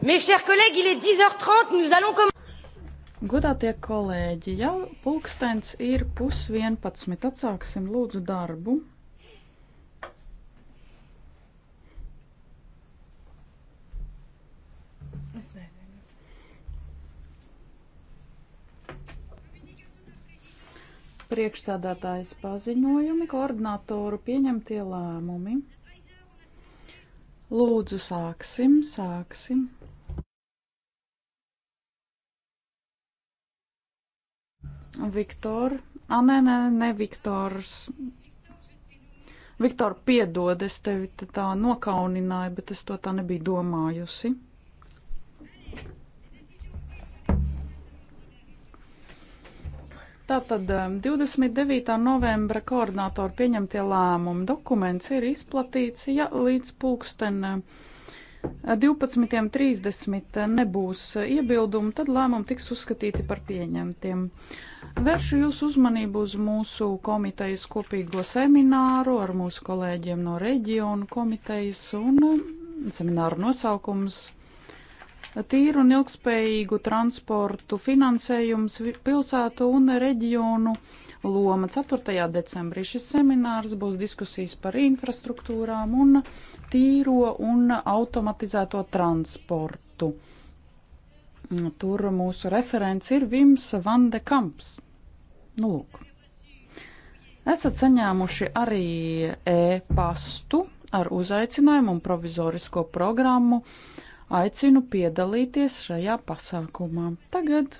Godātie kolēģi, jau pulkstens ir pus 11. Atsāksim lūdzu darbu. priekšsādātājas paziņojumi, koordinatoru pieņemtie lēmumi. Lūdzu, sāksim, sāksim. Viktor. Ā, nē, nē, ne Viktors. Viktor, piedod, es tevi tā nokaunināju, bet es to tā nebiju domājusi. Tātad 29. Um, novembra koordinātori pieņemtie lēmumi. Dokuments ir izplatīts ja, līdz pulksten 11.00. Um, 12.30 nebūs iebildumu, tad lēmumi tiks uzskatīti par pieņemtiem. Vēršu jūsu uzmanību uz mūsu komitejas kopīgo semināru ar mūsu kolēģiem no reģionu komitejas un um, semināru nosaukums tīru un ilgspējīgu transportu finansējums pilsētu un reģionu loma. 4. decembrī šis seminārs būs diskusijas par infrastruktūrām un tīro un automatizēto transportu. Mm, tur mūsu referents ir Vims Vande Kamps. Nu, lūk. Esat saņēmuši arī e-pastu ar uzaicinājumu un provizorisko programmu. Aicinu piedalīties šajā pasākumā. Tagad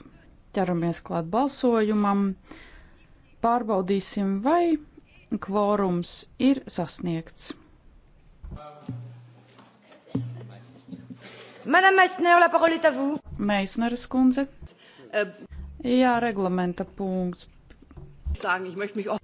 ķeramies klāt balsojumam. Pārbaudīsim, vai kvorums ir sasniegts. Madame Meissner, la parole est à vous. Meissneres kundze. Äh, Jā, reglamenta punkts. Sagen, ich möchte mich auch.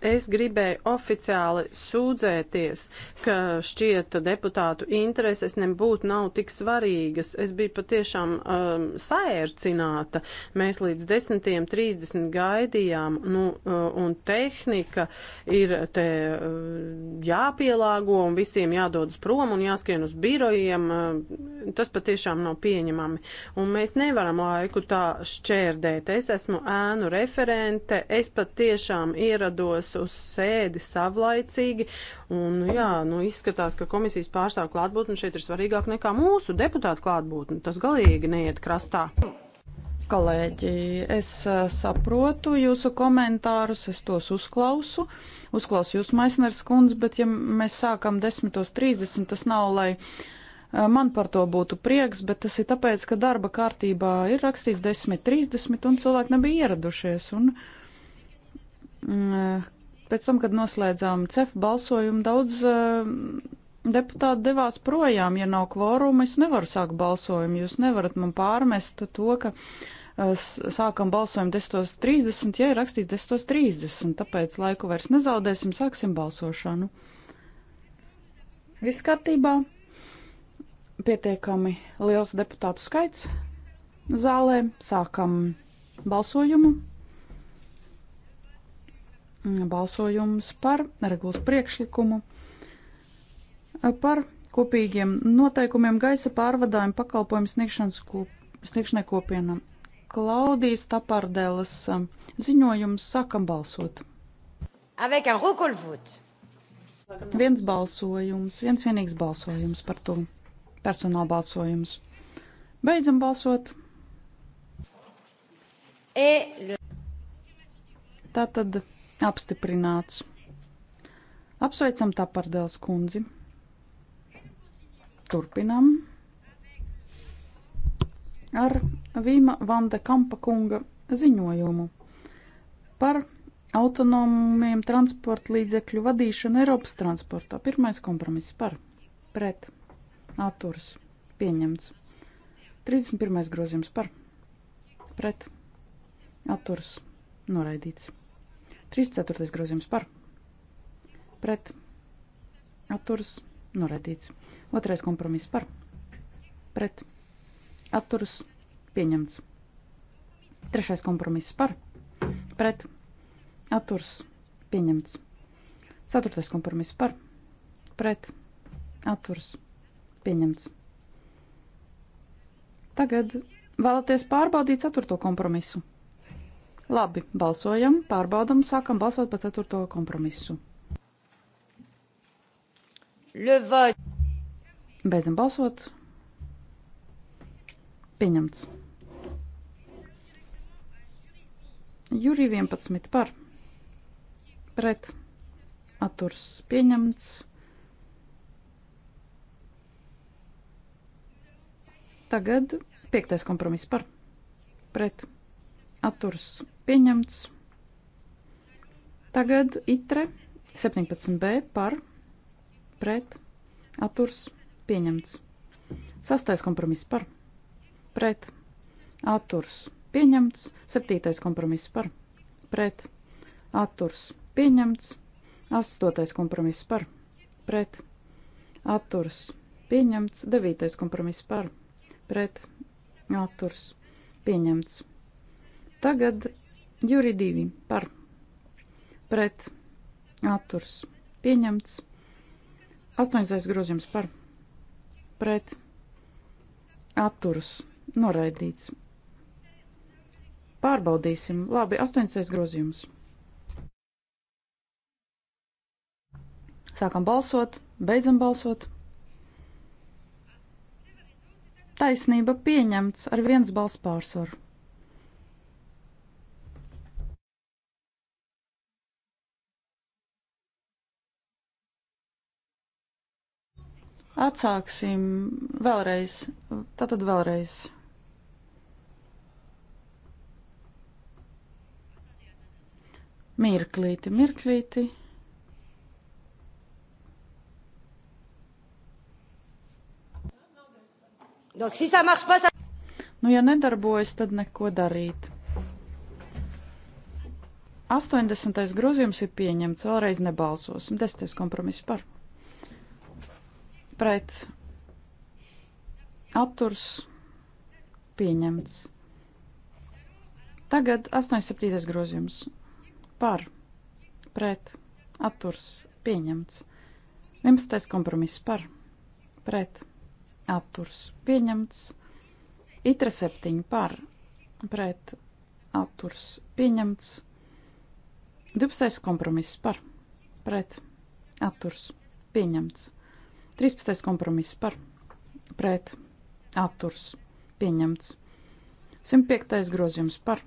Es gribēju oficiāli sūdzēties, ka šķieta deputātu intereses nebūtu nav tik svarīgas. Es biju patiešām um, saērcināta. Mēs līdz 10.30 gaidījām, nu, uh, un tehnika ir te uh, jāpielāgo un visiem jādodas prom un jāskrien uz birojiem. Uh, tas patiešām nav pieņemami. Un mēs nevaram laiku tā šķērdēt. Es esmu ēnu referente. Es patiešām ierados uz sēdi savlaicīgi. Un, jā, nu, izskatās, ka komisijas pārstāvu klātbūtne šeit ir svarīgāk nekā mūsu deputātu klātbūtne. Tas galīgi neiet krastā. Kolēģi, es eh, saprotu jūsu komentārus, es tos uzklausu, uzklausu jūs, Maisners kundze, bet ja mēs sākam 10.30, tas nav, lai eh, man par to būtu prieks, bet tas ir tāpēc, ka darba kārtībā ir rakstīts 10.30 un cilvēki nebija ieradušies. Un, mm, Pēc tam, kad noslēdzām CEF balsojumu, daudz uh, deputāti devās projām. Ja nav kvoruma, es nevaru sākt balsojumu. Jūs nevarat man pārmest to, ka uh, sākam balsojumu 10.30, ja ir rakstīts 10.30, tāpēc laiku vairs nezaudēsim, sāksim balsošanu. Viss kārtībā. Pietiekami liels deputātu skaits zālē. Sākam balsojumu balsojums par regulas priekšlikumu par kopīgiem noteikumiem gaisa pārvadājumu pakalpojumu sniegšanas kop, sniegšanai kopienam. Klaudijas Tapardēlas ziņojums sākam balsot. Avec un roll vote. Viens balsojums, viens vienīgs balsojums par to. Personāla balsojums. Beidzam balsot. Tātad Apstiprināts. Apsveicam Tapardēls kundzi. Turpinam ar Vīma Vanda Kampa kunga ziņojumu par autonomiem transporta līdzekļu vadīšanu Eiropas transportā. Pirmais kompromiss par, pret, atturs, pieņemts. 31. grozījums par, pret, atturs, noraidīts. 34. grozījums par pret atturas noraidīts. Otrais kompromiss par pret atturas pieņemts. Trešais kompromiss par pret atturas pieņemts. Ceturtais kompromiss par pret atturas pieņemts. Tagad vēlaties pārbaudīt ceturto kompromisu. Labi, balsojam, pārbaudam, sākam balsot par ceturto kompromisu. Beidzam balsot. Pieņemts. Jurī 11 par. Pret. Atturs pieņemts. Tagad piektais kompromiss par. Pret. Atturs Pieņemts. Tagad itre 17b par pret atturs pieņemts. Sastais kompromiss par pret atturs pieņemts. Septītais kompromiss par pret atturs pieņemts. Astotais kompromiss par pret atturs pieņemts. Devītais kompromiss par pret atturs pieņemts. Tagad Juri 2 par pret atturs pieņemts. 8. grozījums par pret atturs noraidīts. Pārbaudīsim. Labi, 8. grozījums. Sākam balsot, beidzam balsot. Taisnība pieņemts ar viens balss pārsvaru. Atsāksim vēlreiz. Tātad vēlreiz. Mirklīti, mirklīti. Nu, ja nedarbojas, tad neko darīt. 80. grozījums ir pieņemts, vēlreiz nebalsosim. Desmitais kompromiss par pret atturs pieņemts. Tagad 87. grozījums par pret atturs pieņemts. 11. kompromiss par pret atturs pieņemts. Itra 7 par pret atturs pieņemts. 12. kompromiss par pret atturs pieņemts. 13. kompromiss par pret atturs pieņemts. 105. grozījums par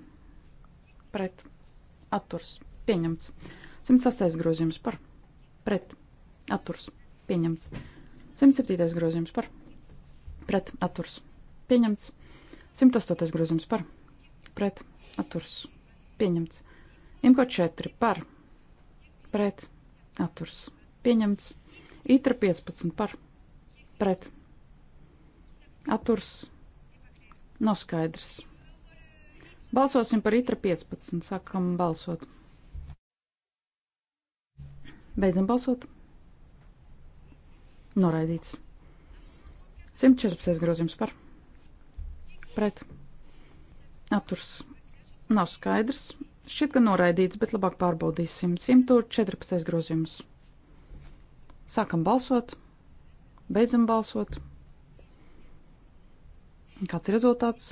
pret atturs pieņemts. 106. grozījums par pret atturs pieņemts. 107. grozījums par pret atturs pieņemts. 108. grozījums par pret atturs pieņemts. Imko 4 par pret atturs pieņemts. Itra 15 par pret. Atturs nav skaidrs. Balsosim par itra 15. Sākam balsot. Beidzam balsot. Noraidīts. 114 grozījums par. Pret. Atturs nav skaidrs. Šķiet, ka noraidīts, bet labāk pārbaudīsim. 114 grozījums. Sākam balsot, beidzam balsot. Kāds ir rezultāts?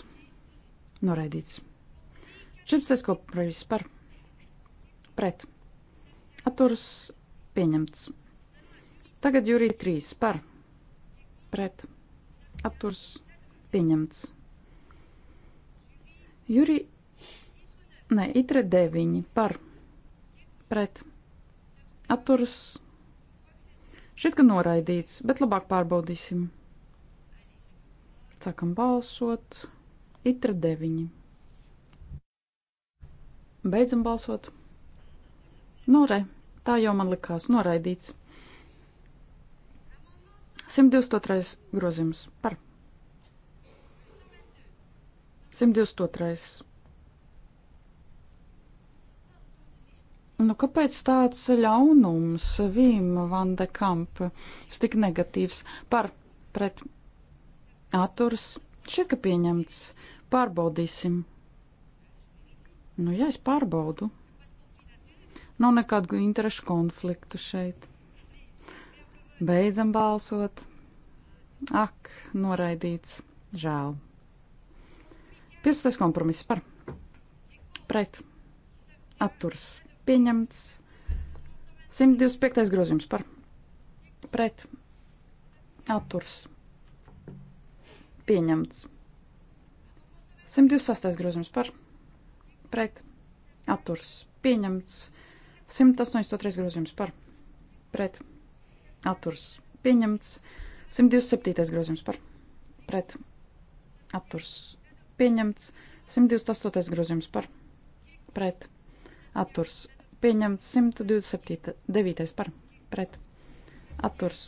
Noraidīts. 14. kompromiss par pret. Atturas pieņemts. Tagad jūrī 3 par pret. Atturas pieņemts. Jūrī, nē, itre 9 par pret. Atturas pieņemts Šit, ka noraidīts, bet labāk pārbaudīsim. Sākam balsot. Itra 9. Beidzam balsot. Nu, re, tā jau man likās noraidīts. 122. grozījums par. 122. Nu, kāpēc tāds ļaunums Vīm van de Kamp tik negatīvs par pret atturs? Šķiet, ka pieņemts. Pārbaudīsim. Nu, jā, es pārbaudu. Nav nekādu interešu konfliktu šeit. Beidzam balsot. Ak, noraidīts. Žēl. 15. kompromiss par. Pret. Atturs Pieņemts 125. grozījums par pret atturs. Pieņemts 126. grozījums par pret atturs. Pieņemts 183. grozījums par pret atturs. Pieņemts 127. grozījums par pret atturs. Pieņemts 128. grozījums par pret atturs atturs pieņemts 129. par pret atturs.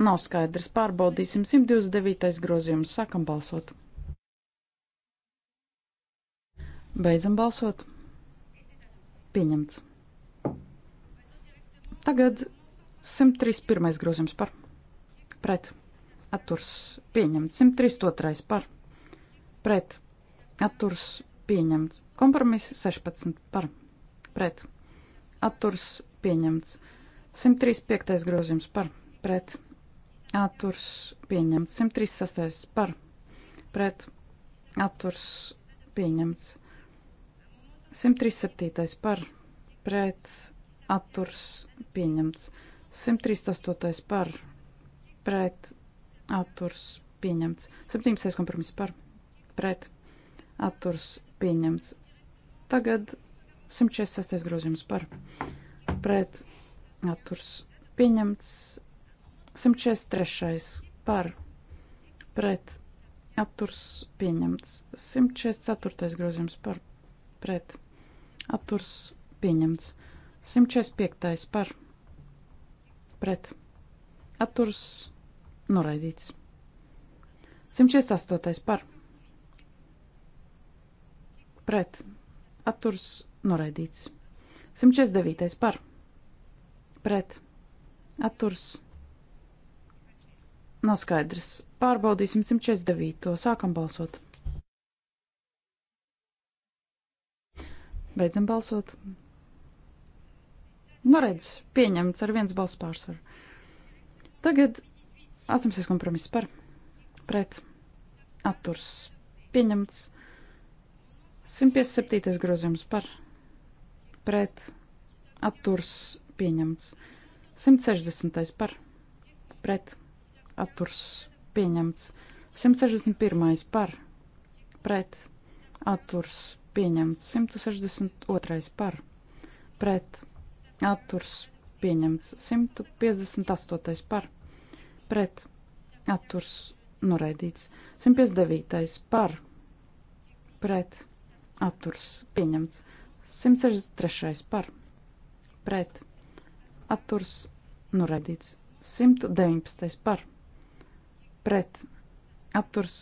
Nav skaidrs, pārbaudīsim 129. grozījumu, sākam balsot. Beidzam balsot. Pieņemts. Tagad 131. grozījums par pret atturs pieņemts, 132. par pret atturs pieņemts, Kompromiss 16 par pret. Atturs pieņemts. 135. grozījums par pret. Atturs pieņemts. 136. par pret. Atturs pieņemts. 137. par pret. Atturs pieņemts. 138. par pret. Atturs pieņemts. 17. kompromiss par pret. Atturs pieņemts. Tagad 146. grozījums par pret atturs pieņemts. 143. par pret atturs pieņemts. 144. grozījums par pret atturs pieņemts. 145. par pret atturs noraidīts. 148. par pret atturs atturs noraidīts. 149. par pret atturs nav skaidrs. Pārbaudīsim 149. Sākam balsot. Beidzam balsot. Nu redz, pieņemts ar viens balss pārsvaru. Tagad 18. kompromiss par pret atturs pieņemts. 157. grozījums par pret atturs pieņemts. 160. par pret atturs pieņemts. 161. par pret atturs pieņemts. 162. par pret atturs pieņemts. 158. par pret atturs noraidīts. 159. par pret atturs atturs pieņemts. 163. par pret atturs noraidīts. 119. par pret atturs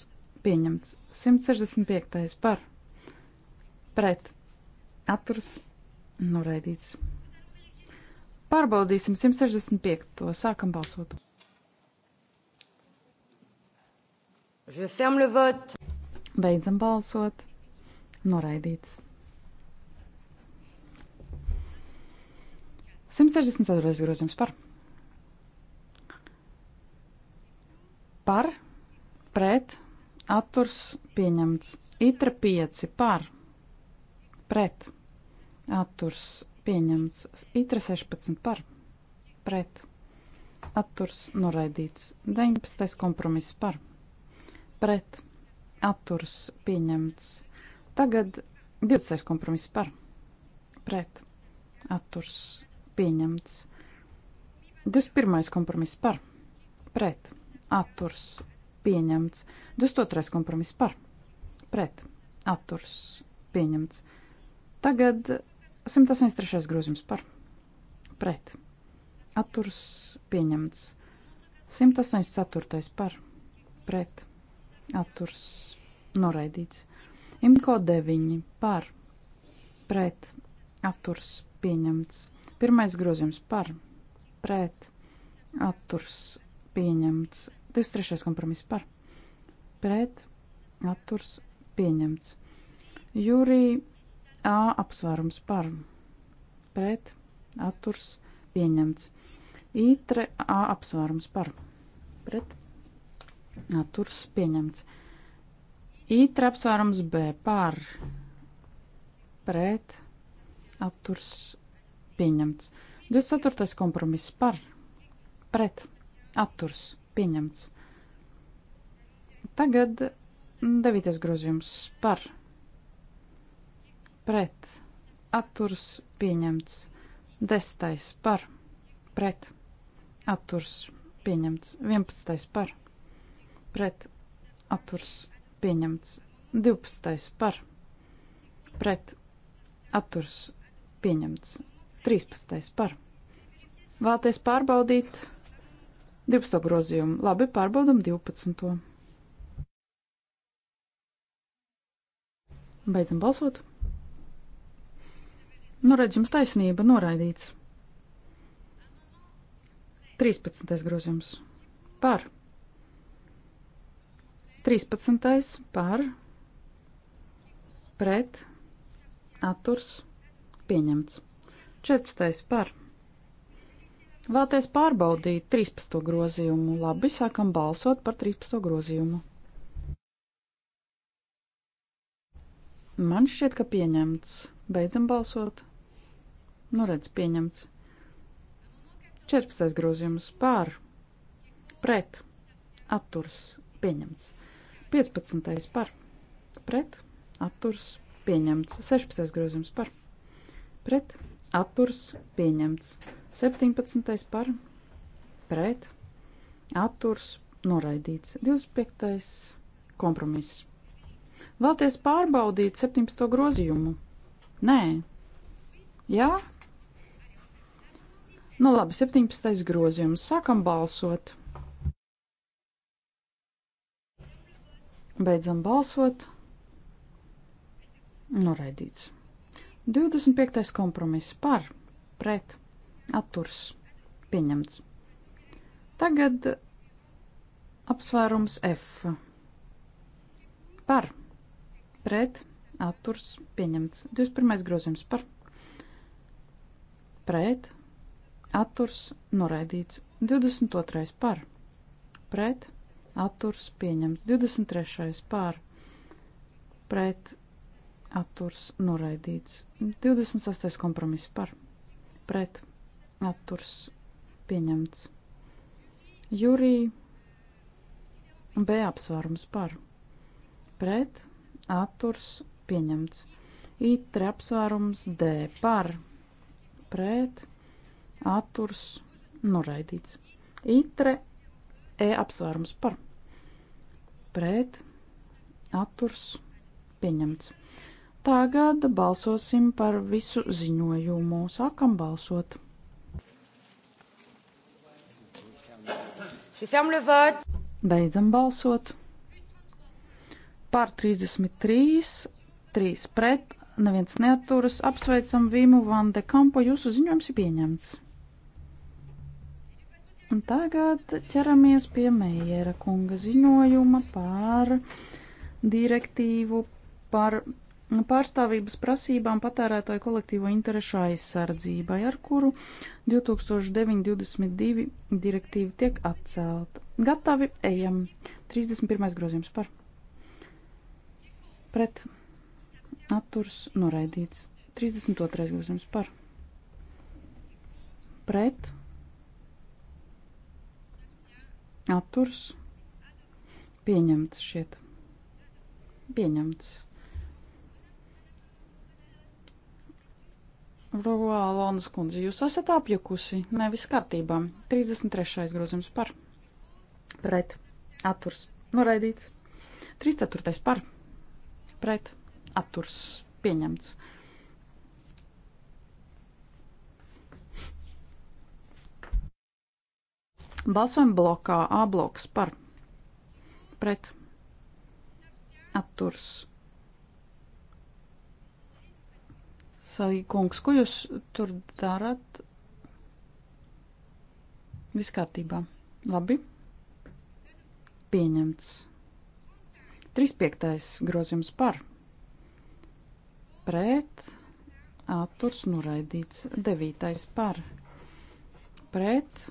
pieņemts. 165. par pret atturs noraidīts. Pārbaudīsim 165. To sākam balsot. Je ferme le vote. Beidzam balsot. Noraidīts. 164. grozījums par. Par, pret, atturs pieņemts. Itra 5 par, pret, atturs pieņemts. Itra 16 par, pret, atturs noraidīts. 19. kompromiss par, pret, atturs pieņemts. Tagad 26 kompromiss par pret atturs pieņemts. 21. kompromiss par pret atturs pieņemts. 22. kompromiss par pret atturs pieņemts. Tagad 183. grozījums par pret atturs pieņemts. 184. par pret atturs noraidīts. Imko 9 par pret atturs pieņemts. Pirmais grozījums par pret atturs pieņemts. 23. kompromiss par pret atturs pieņemts. Jūrī A apsvērums par pret atturs pieņemts. Ītre A apsvērums par pret atturs pieņemts. Ītra apsvērums B par pret atturs pieņemts. 24. kompromiss par pret atturs pieņemts. Tagad 9. grozījums par pret atturs pieņemts. 10. par pret atturs pieņemts. 11. par pret atturs pieņemts pieņemts. 12. par pret atturs pieņemts. 13. par. Vēlaties pārbaudīt 12. grozījumu. Labi, pārbaudam 12. Beidzam balsot. Nu, redz, jums taisnība noraidīts. 13. grozījums. Par. 13. par pret atturs pieņemts. 14. par Vēlties pārbaudīt 13. grozījumu. Labi, sākam balsot par 13. grozījumu. Man šķiet, ka pieņemts. Beidzam balsot. Nu, redz, pieņemts. 14. grozījums pār, pret, atturs, pieņemts. 15. par pret atturs pieņemts. 16. grozījums par pret atturs pieņemts. 17. par pret atturs noraidīts. 25. kompromiss. Vēlties pārbaudīt 17. grozījumu? Nē. Jā? Nu labi, 17. grozījums. Sākam balsot. Beidzam balsot. Noraidīts. 25. kompromiss par, pret, atturs, pieņemts. Tagad apsvērums F. Par, pret, atturs, pieņemts. 21. grozījums par, pret, atturs, noraidīts. 22. par, pret, atturs atturs pieņemts. 23. pār pret atturs noraidīts. 26. kompromiss par pret atturs pieņemts. Jurī B apsvērums par pret atturs pieņemts. IT apsvērums D par pret atturs noraidīts. ITRE E apsvērums par pret pret atturs pieņemts. Tagad balsosim par visu ziņojumu. Sākam balsot. Beidzam balsot. Par 33, 3 pret, neviens neaturas. Apsveicam Vīmu Vande Kampo, jūsu ziņojums ir pieņemts. Un tagad ķeramies pie Meijera kunga ziņojuma par direktīvu par pārstāvības prasībām patērētāju kolektīvo interešu aizsardzībai, ar kuru 2009-22 direktīva tiek atcelta. Gatavi, ejam. 31. grozījums par. Pret. Atturs noraidīts. 32. grozījums par. Pret Atturs. Pieņemts šeit. Pieņemts. Ruvā Lonas kundze, jūs esat apjukusi, nevis kārtībā. 33. grozījums par. Pret. Atturs. Noraidīts. 34. par. Pret. Atturs. Pieņemts. Balsojam blokā A bloks par pret atturs. Salīkungs, ko jūs tur darat? Viss kārtībā. Labi. Pieņemts. 35. grozījums par. Pret. Atturs noraidīts. 9. par. Pret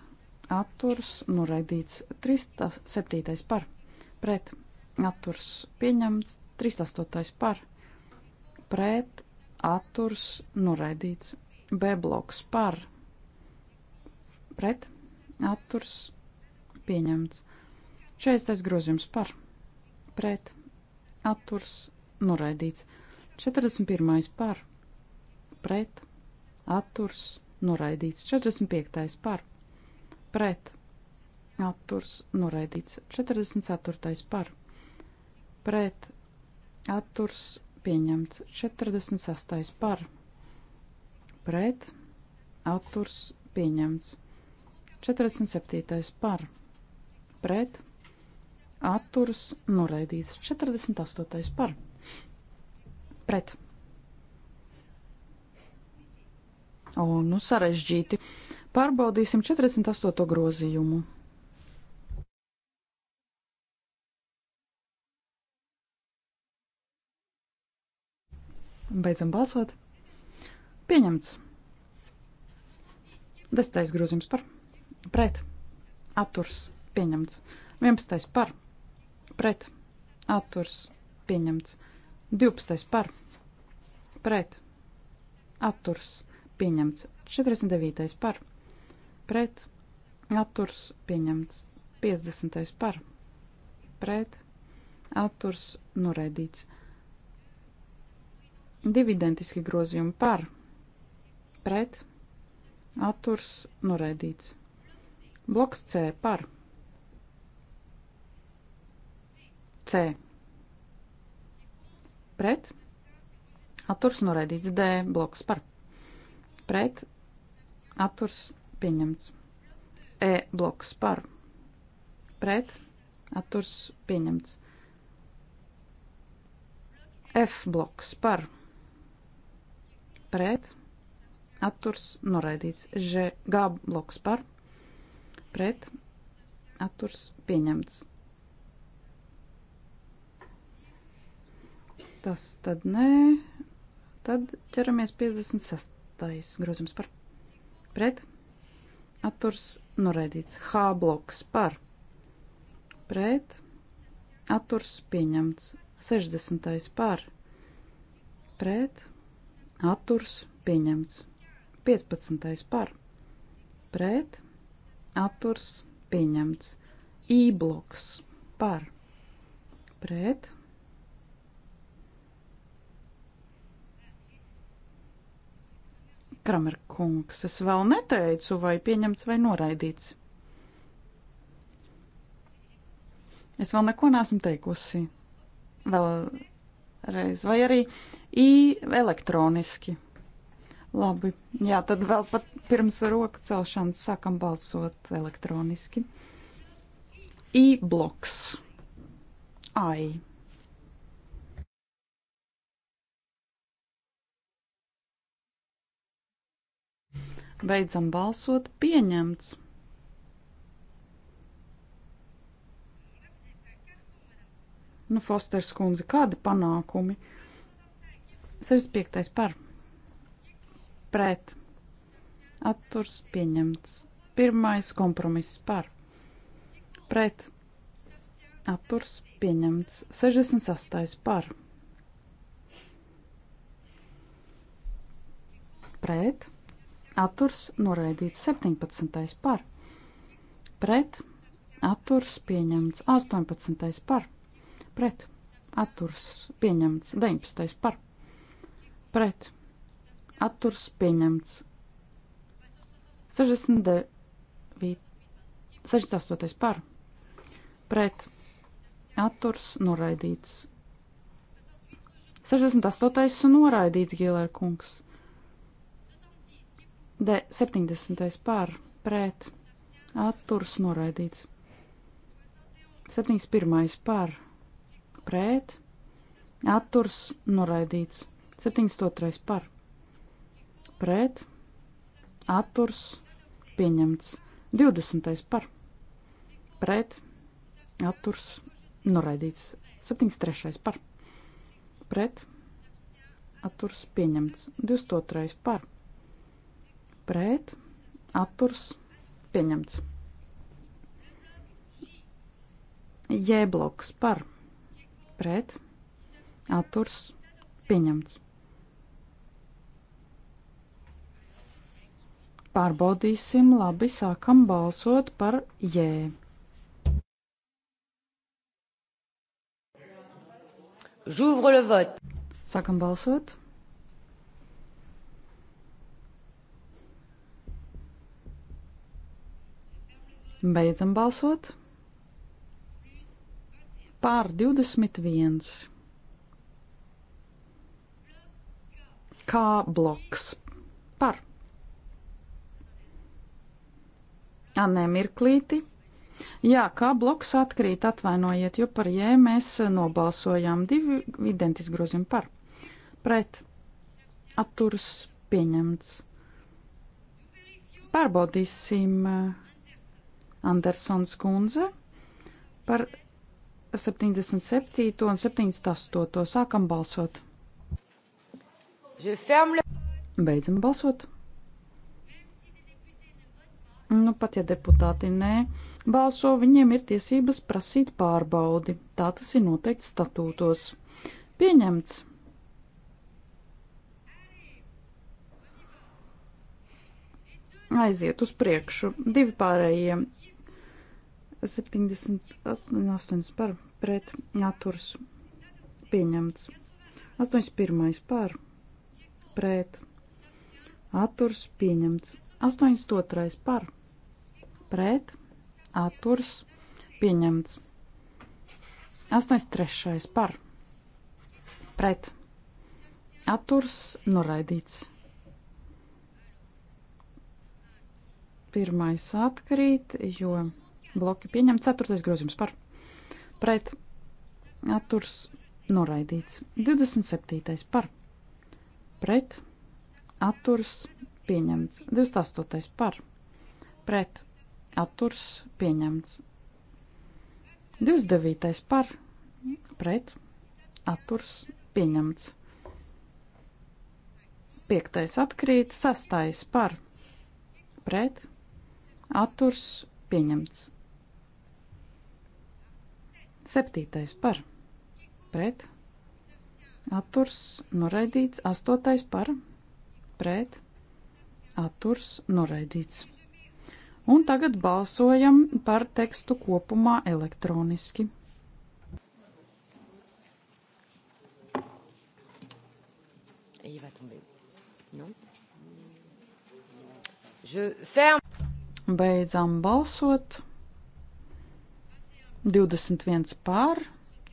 atturs noraidīts 307. par, pret atturs pieņemts 38. par, pret atturs noraidīts B bloks par, pret atturs pieņemts 40. grozījums par, pret atturs noraidīts 41. par, pret atturs noraidīts 45. par pret atturs noraidīts 44. par pret atturs pieņemts 46. par pret atturs pieņemts 47. par pret atturs noraidīts 48. par pret. O, nu sarežģīti. Pārbaudīsim 48. grozījumu. Beidzam balsot. Pieņemts. Desmitais grozījums par. Pret. Atturs. Pieņemts. Vienpadsmitais par. Pret. Atturs. Pieņemts. Divpadsmitais par. Pret. Atturs. Pieņemts. 49. par pret, atturs pieņemts. 50. par, pret, atturs noraidīts. Divi identiski grozījumi par, pret, atturs noraidīts. Bloks C par. C. Pret. Atturs noraidīts D bloks par. Pret. Atturs pieņemts. E bloks par, pret, atturs pieņemts. F bloks par, pret, atturs noraidīts. G, G bloks par, pret, atturs pieņemts. Tas tad nē. Tad ķeramies 56. grozījums par pret, atturs pieņemts atturs noraidīts. H bloks par pret atturs pieņemts. 60. par pret atturs pieņemts. 15. par pret atturs pieņemts. I bloks par pret Kramer kungs, es vēl neteicu, vai pieņemts vai noraidīts. Es vēl neko neesmu teikusi. Vēlreiz, vai arī i elektroniski. Labi, jā, tad vēl pat pirms roku celšanas sākam balsot elektroniski. I bloks. Ai. Beidzam balsot. Pieņemts. Nu, Fosters kundze, kādi panākumi? 65. par. Pret. Atturs pieņemts. Pirmais kompromiss par. Pret. Atturs pieņemts. 68. par. Pret atturs noraidīts 17. par, pret atturs pieņemts 18. par, pret atturs pieņemts 19. par, pret atturs pieņemts 69. 68. par, pret atturs noraidīts 68. noraidīts Gīlēra kungs. D 70. par pret atturs noraidīts. 71. par pret atturs noraidīts. 72. par pret atturs pieņemts. 20. par pret atturs noraidīts. 73. par pret atturs pieņemts. 22. par pret pret, atturs, pieņemts. J bloks par, pret, atturs, pieņemts. Pārbaudīsim, labi, sākam balsot par J. J'ouvre le vote. Sākam balsot. Beidzam balsot. Pār 21. Kā bloks. Par. Anē mirklīti. Jā, kā bloks atkrīt, atvainojiet, jo par jē mēs nobalsojām divi identiski grozījumi par. Pret. Atturs pieņemts. Pārbaudīsim. Uh, Andersons kundze par 77. un 78. sākam balsot. Beidzam balsot. Nu, pat ja deputāti nē, balso, viņiem ir tiesības prasīt pārbaudi. Tā tas ir noteikts statūtos. Pieņemts. Aiziet uz priekšu. Divi pārējie 78 nu, par pret atturs pieņemts. 81 par pret atturs pieņemts. 82 par pret atturs pieņemts. 83 par pret atturs noraidīts. Pirmais atkrīt, jo bloki pieņemts. Ceturtais grozījums par pret atturs noraidīts. 27. par pret atturs pieņemts. 28. par pret atturs pieņemts. 29. par pret atturs pieņemts. 5. atkrīt, 6. par pret atturs pieņemts. Septītais par pret atturs noraidīts. Astotais par pret atturs noraidīts. Un tagad balsojam par tekstu kopumā elektroniski. il va tomber. Non Je ferme. Beidzam balsot. 21 pār,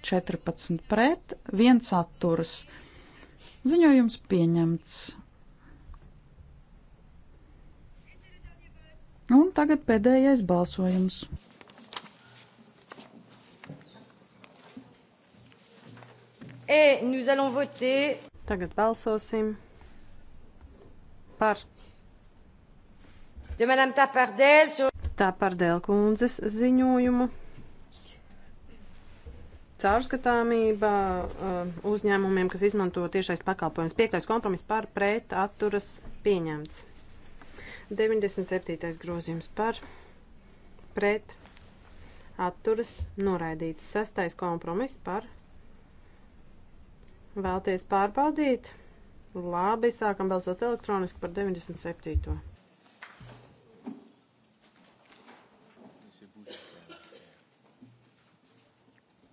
14 pret, 1 atturas. Ziņojums pieņemts. Un tagad pēdējais balsojums. Et nous allons voter. Tagad balsosim par. De Madame Tapardel. Tapardel kundzes ziņojumu caurskatāmība um, uzņēmumiem, kas izmanto tiešais pakalpojums. Piektais kompromiss par pret atturas pieņemts. 97. grozījums par pret atturas noraidīts. Sastais kompromiss par vēlties pārbaudīt. Labi, sākam balsot elektroniski par 97.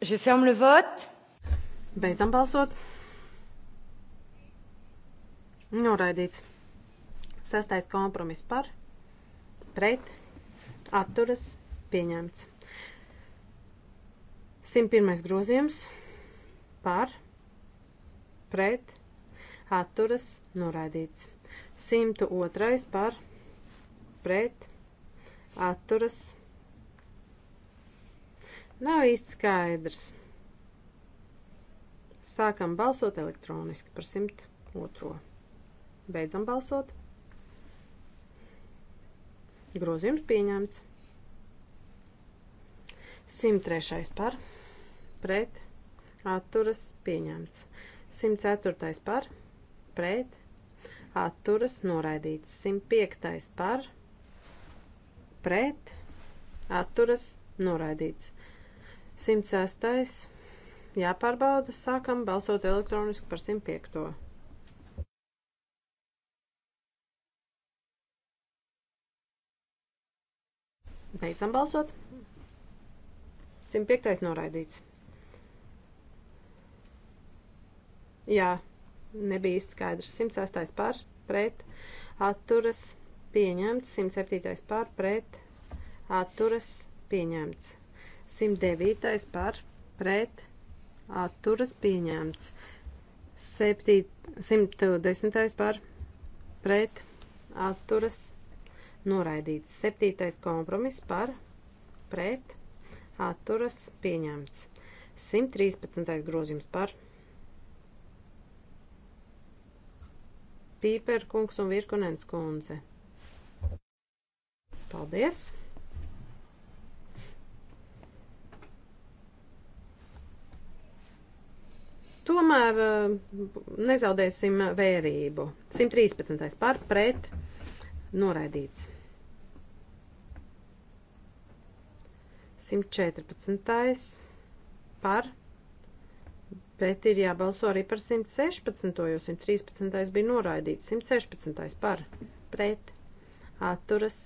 Je ferme le vote. Beidzam balsot. Noraidīts. Sastais kompromiss par, pret, atturas, pieņemts. 101. grozījums par, pret, atturas, noraidīts. 102. par, pret, atturas, pieņemts Nav īsti skaidrs. Sākam balsot elektroniski par 102. Beidzam balsot. Grozījums pieņemts. 103. par pret atturas pieņemts. 104. par pret atturas noraidīts. 105. par pret atturas noraidīts. 106. Jāpārbauda. Sākam balsot elektroniski par 105. Beidzam balsot. 105. noraidīts. Jā, nebija īsti skaidrs. 106. par, pret, atturas, pieņemts. 107. par, pret, atturas, pieņemts. 109. par pret atturas pieņemts. 110. par pret atturas noraidīts. 7. kompromiss par pret atturas pieņemts. 113. grozījums par Pīperkungs un Virkunens kundze. Paldies! Tomēr eh, nezaudēsim vērību. 113. par pret noraidīts. 114. par Bet ir jābalso arī par 116, jo 113 bija noraidīts. 116 par pret atturas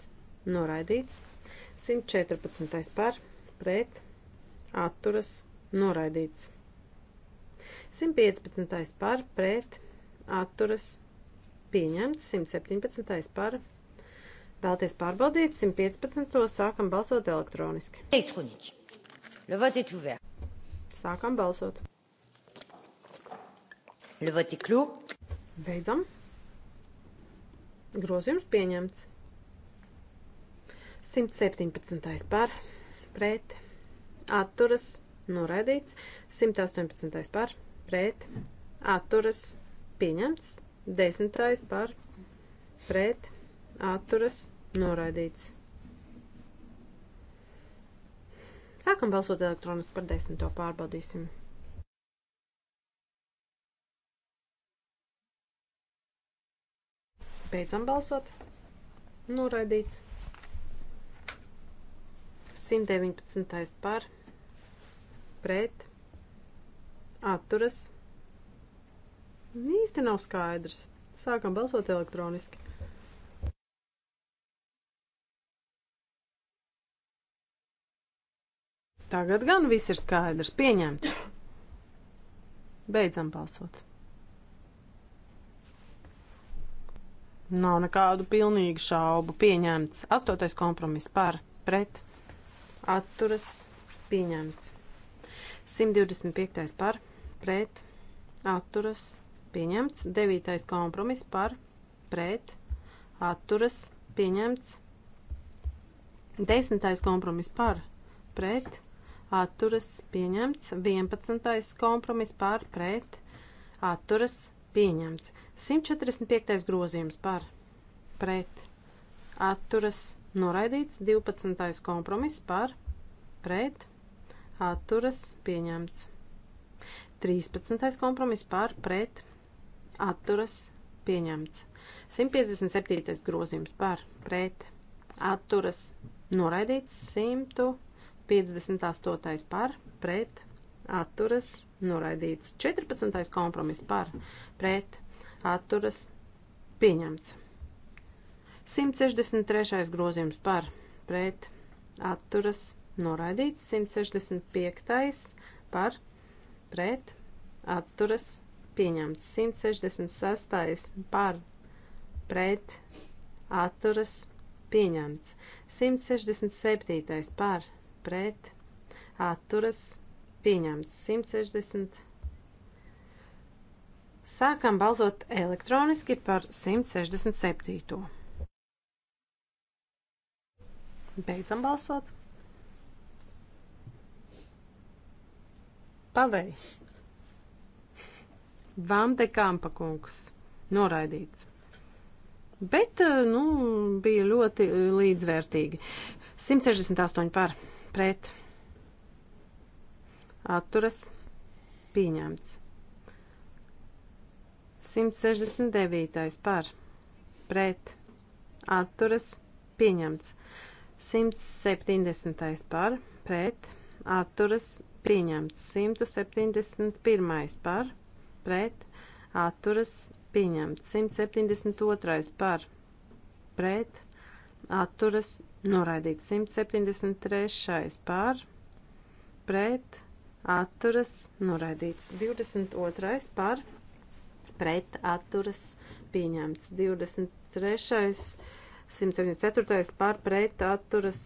noraidīts. 114 par pret atturas noraidīts. 115. par pret atturas pieņemts, 117. par vēlties pārbaudīt, 115. sākam balsot elektroniski. Elektroniski. Le vote est ouvert. Sākam balsot. Le vote est clos. Beidzam. Grozījums pieņemts. 117. par pret atturas noraidīts, 118. par pret atturas pieņemts. Desmitais par pret atturas noraidīts. Sākam balsot elektroniski par desmito pārbaudīsim. Beidzam balsot. Noraidīts. 119. par pret atturas. Īsti nav skaidrs. Sākam balsot elektroniski. Tagad gan viss ir skaidrs. Pieņemts. Beidzam balsot. Nav nekādu pilnīgu šaubu. Pieņemts. Astotais kompromiss par, pret, atturas. Pieņemts. 125. par, pret pret atturas pieņemts. 9. kompromiss par pret atturas pieņemts. 10. kompromiss par pret atturas pieņemts. 11. kompromiss par pret atturas pieņemts. 145. grozījums par pret atturas noraidīts. 12. kompromiss par pret atturas pieņemts. 13. kompromiss par pret atturas pieņemts. 157. grozījums par pret atturas noraidīts. 158. par pret atturas noraidīts. 14. kompromiss par pret atturas pieņemts. 163. grozījums par pret atturas noraidīts. 165. par pret pret atturas pieņemts. 166. par pret atturas pieņemts. 167. par pret atturas pieņemts. 160. Sākam balsot elektroniski par 167. Beidzam balsot. Pavei. Vamde Kampa kungs. Noraidīts. Bet, eh, nu, bija ļoti eh, līdzvērtīgi. 168 par pret. Atturas pieņemts. 169 par pret. Atturas pieņemts. 170 par pret. Atturas pieņemts pieņemts. 171. par, pret, atturas, pieņemts. 172. par, pret, atturas, noraidīts. 173. par, pret, atturas, noraidīts. 22. par, pret, atturas, pieņemts. 23. 174. par, pret, atturas,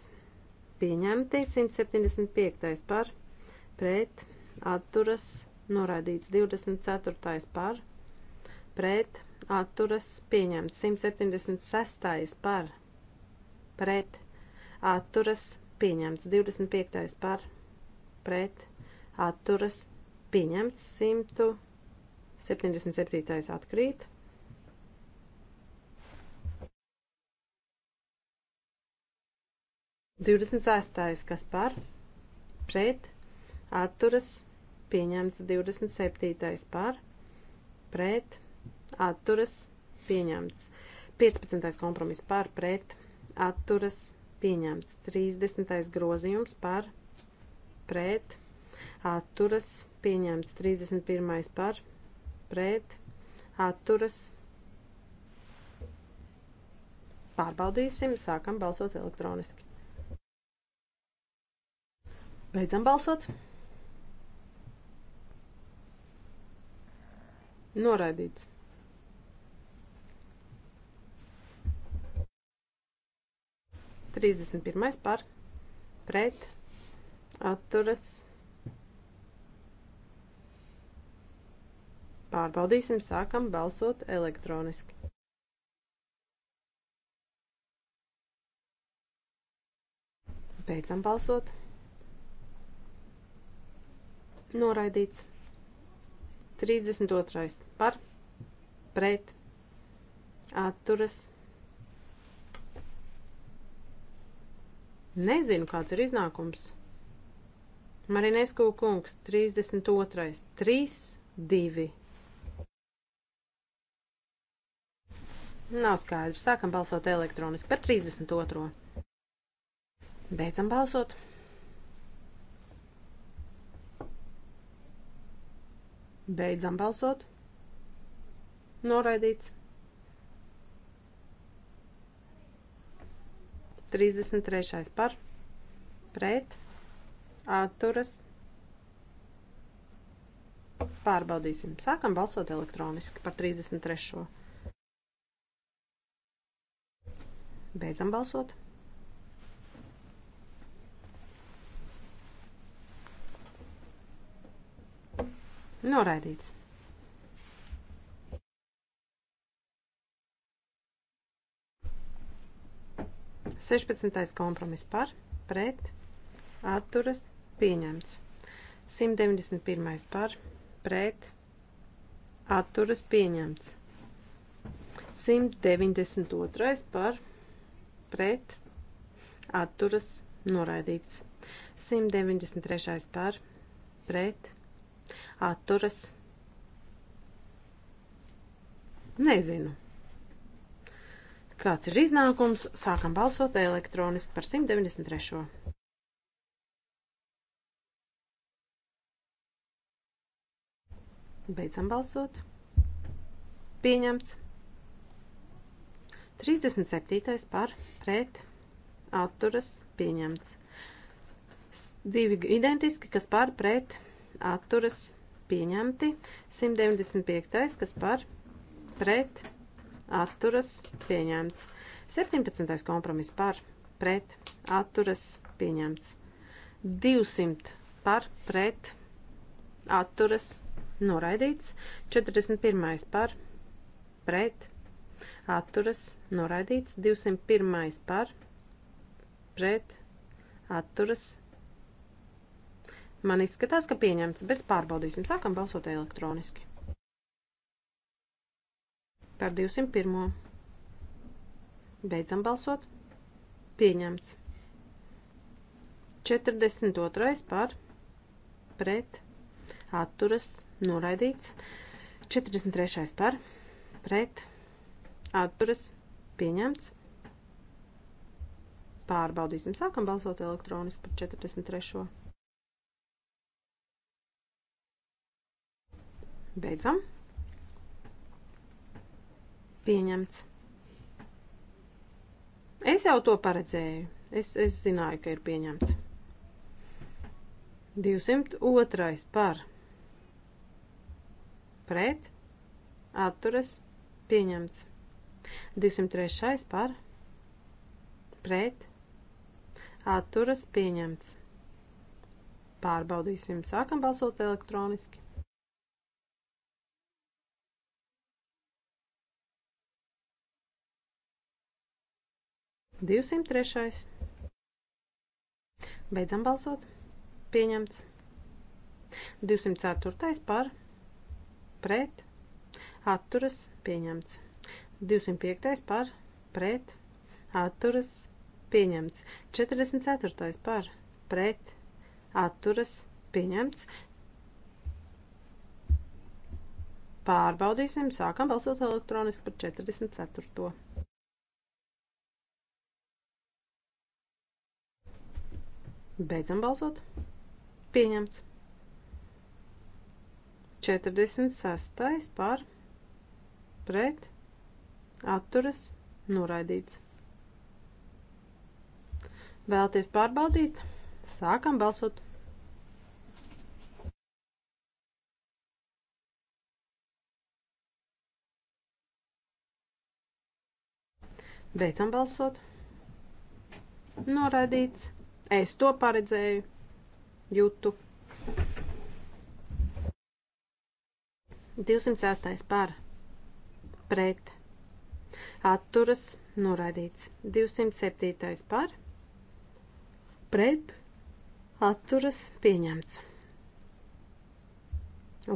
pieņemti. 175. par, pret, atturas, pieņemti pret atturas noraidīts 24. par pret atturas pieņemts 176. par pret atturas pieņemts 25. par pret atturas pieņemts 177. atkrīt. Divdesmit sestais, kas par pret atturas pieņemts 27. par pret atturas pieņemts 15. kompromiss par pret atturas pieņemts 30. grozījums par pret atturas pieņemts 31. par pret atturas Pārbaudīsim, sākam balsot elektroniski. Beidzam balsot. Noraidīts. Trīsdesmit pirmais par pret atturas. Pārbaudīsim, sākam balsot elektroniski. Beidzam balsot. Noraidīts. 32. par pret atturas. Nezinu, kāds ir iznākums. Marinesku kungs 32. 3, 2. Nav skaidrs. Sākam balsot elektroniski par 32. Beidzam balsot. Beidzam balsot. Noraidīts. 33. par pret atturas pārbaudīsim. Sākam balsot elektroniski par 33. Beidzam balsot. Noraidīts. Sešpadsmitais kompromis par, pret, atturas, pieņemts. 191. par, pret, atturas, pieņemts. 192. par, pret, atturas, noraidīts. 193. par, pret, atturas. Nezinu. Kāds ir iznākums? Sākam balsot elektroniski par 193. Beidzam balsot. Pieņemts. 37. par pret atturas pieņemts. Divi identiski, kas par pret atturas atturas pieņemti. 195. kas par pret atturas pieņemts. 17. kompromiss par pret atturas pieņemts. 200 par pret atturas noraidīts. 41. par pret atturas noraidīts. 201. par pret atturas noraidīts Man izskatās, ka pieņemts, bet pārbaudīsim. Sākam balsot elektroniski. Par 201. Beidzam balsot. Pieņemts. 42. par pret atturas noraidīts. 43. par pret atturas pieņemts. Pārbaudīsim. Sākam balsot elektroniski par 43. Beidzam. Pieņemts. Es jau to paredzēju. Es, es zināju, ka ir pieņemts. 202. par pret atturas pieņemts. 203. par pret atturas pieņemts. Pārbaudīsim, sākam balsot elektroniski. 203. Beidzam balsot. Pieņemts. 204. par pret atturas pieņemts. 205. par pret atturas pieņemts. 44. par pret atturas pieņemts. Pārbaudīsim, sākam balsot elektroniski par 44. Beidzam balsot. Pieņemts. 46. par pret atturas noraidīts. Vēlties pārbaudīt? Sākam balsot. Beidzam balsot. Noraidīts. Es to paredzēju, jūtu. 206. par pret atturas noraidīts. 207. par pret atturas pieņemts.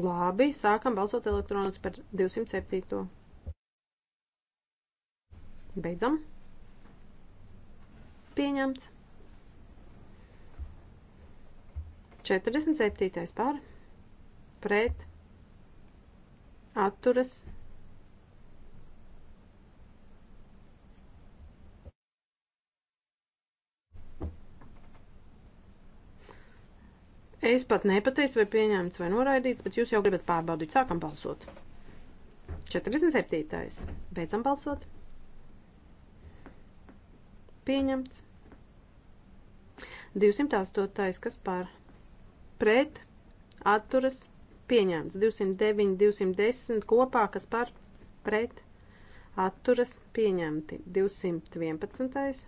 Labi, sākam balsot elektronis par 207. Beidzam. Pieņemts. 47. par pret atturas Es pat nepateicu, vai pieņēmts vai noraidīts, bet jūs jau gribat pārbaudīt. Sākam balsot. 47. Beidzam balsot. Pieņemts. 208. Kas par? pret atturas pieņemts. 209, 210 kopā, kas par pret atturas pieņemti. 211.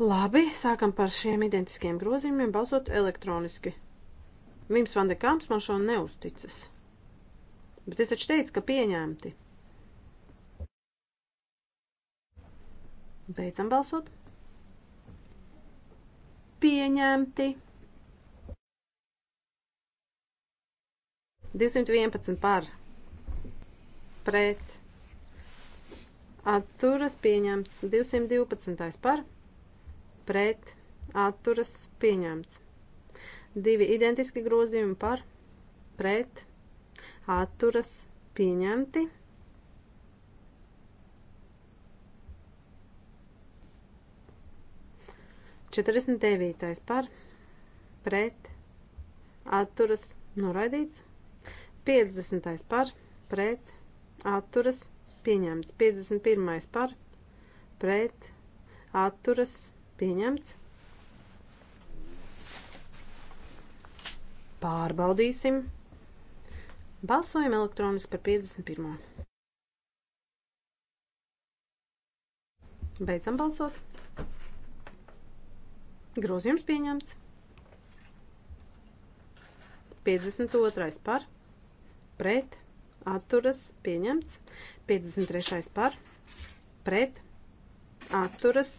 Labi, sākam par šiem identiskiem grozījumiem balsot elektroniski. Vims Vandekāms man šo neusticas. Bet es taču teicu, ka pieņemti. Beidzam balsot. Pieņemti. 211 par pret atturas pieņemts 212 par pret atturas pieņemts. Divi identiski grozījumi par pret atturas pieņemti. Četrdesmit devītais par pret atturas noraidīts. 50. par pret atturas pieņemts. 51. par pret atturas pieņemts. Pārbaudīsim. Balsojam elektroniski par 51. Beidzam balsot. Grozījums pieņemts. 52. par pret, atturas, pieņemts. 53. par, pret, atturas,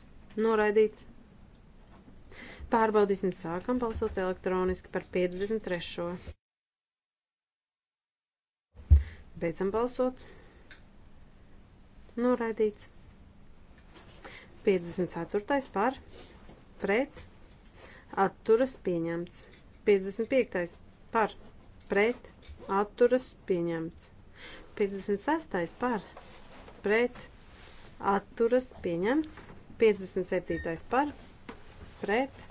noraidīts. Pārbaudīsim, sākam balsot elektroniski par 53. Beidzam balsot. Noraidīts. 54. par, pret, atturas, pieņemts. 55. par, pret, atturas pieņemts. 56. par pret atturas pieņemts. 57. par pret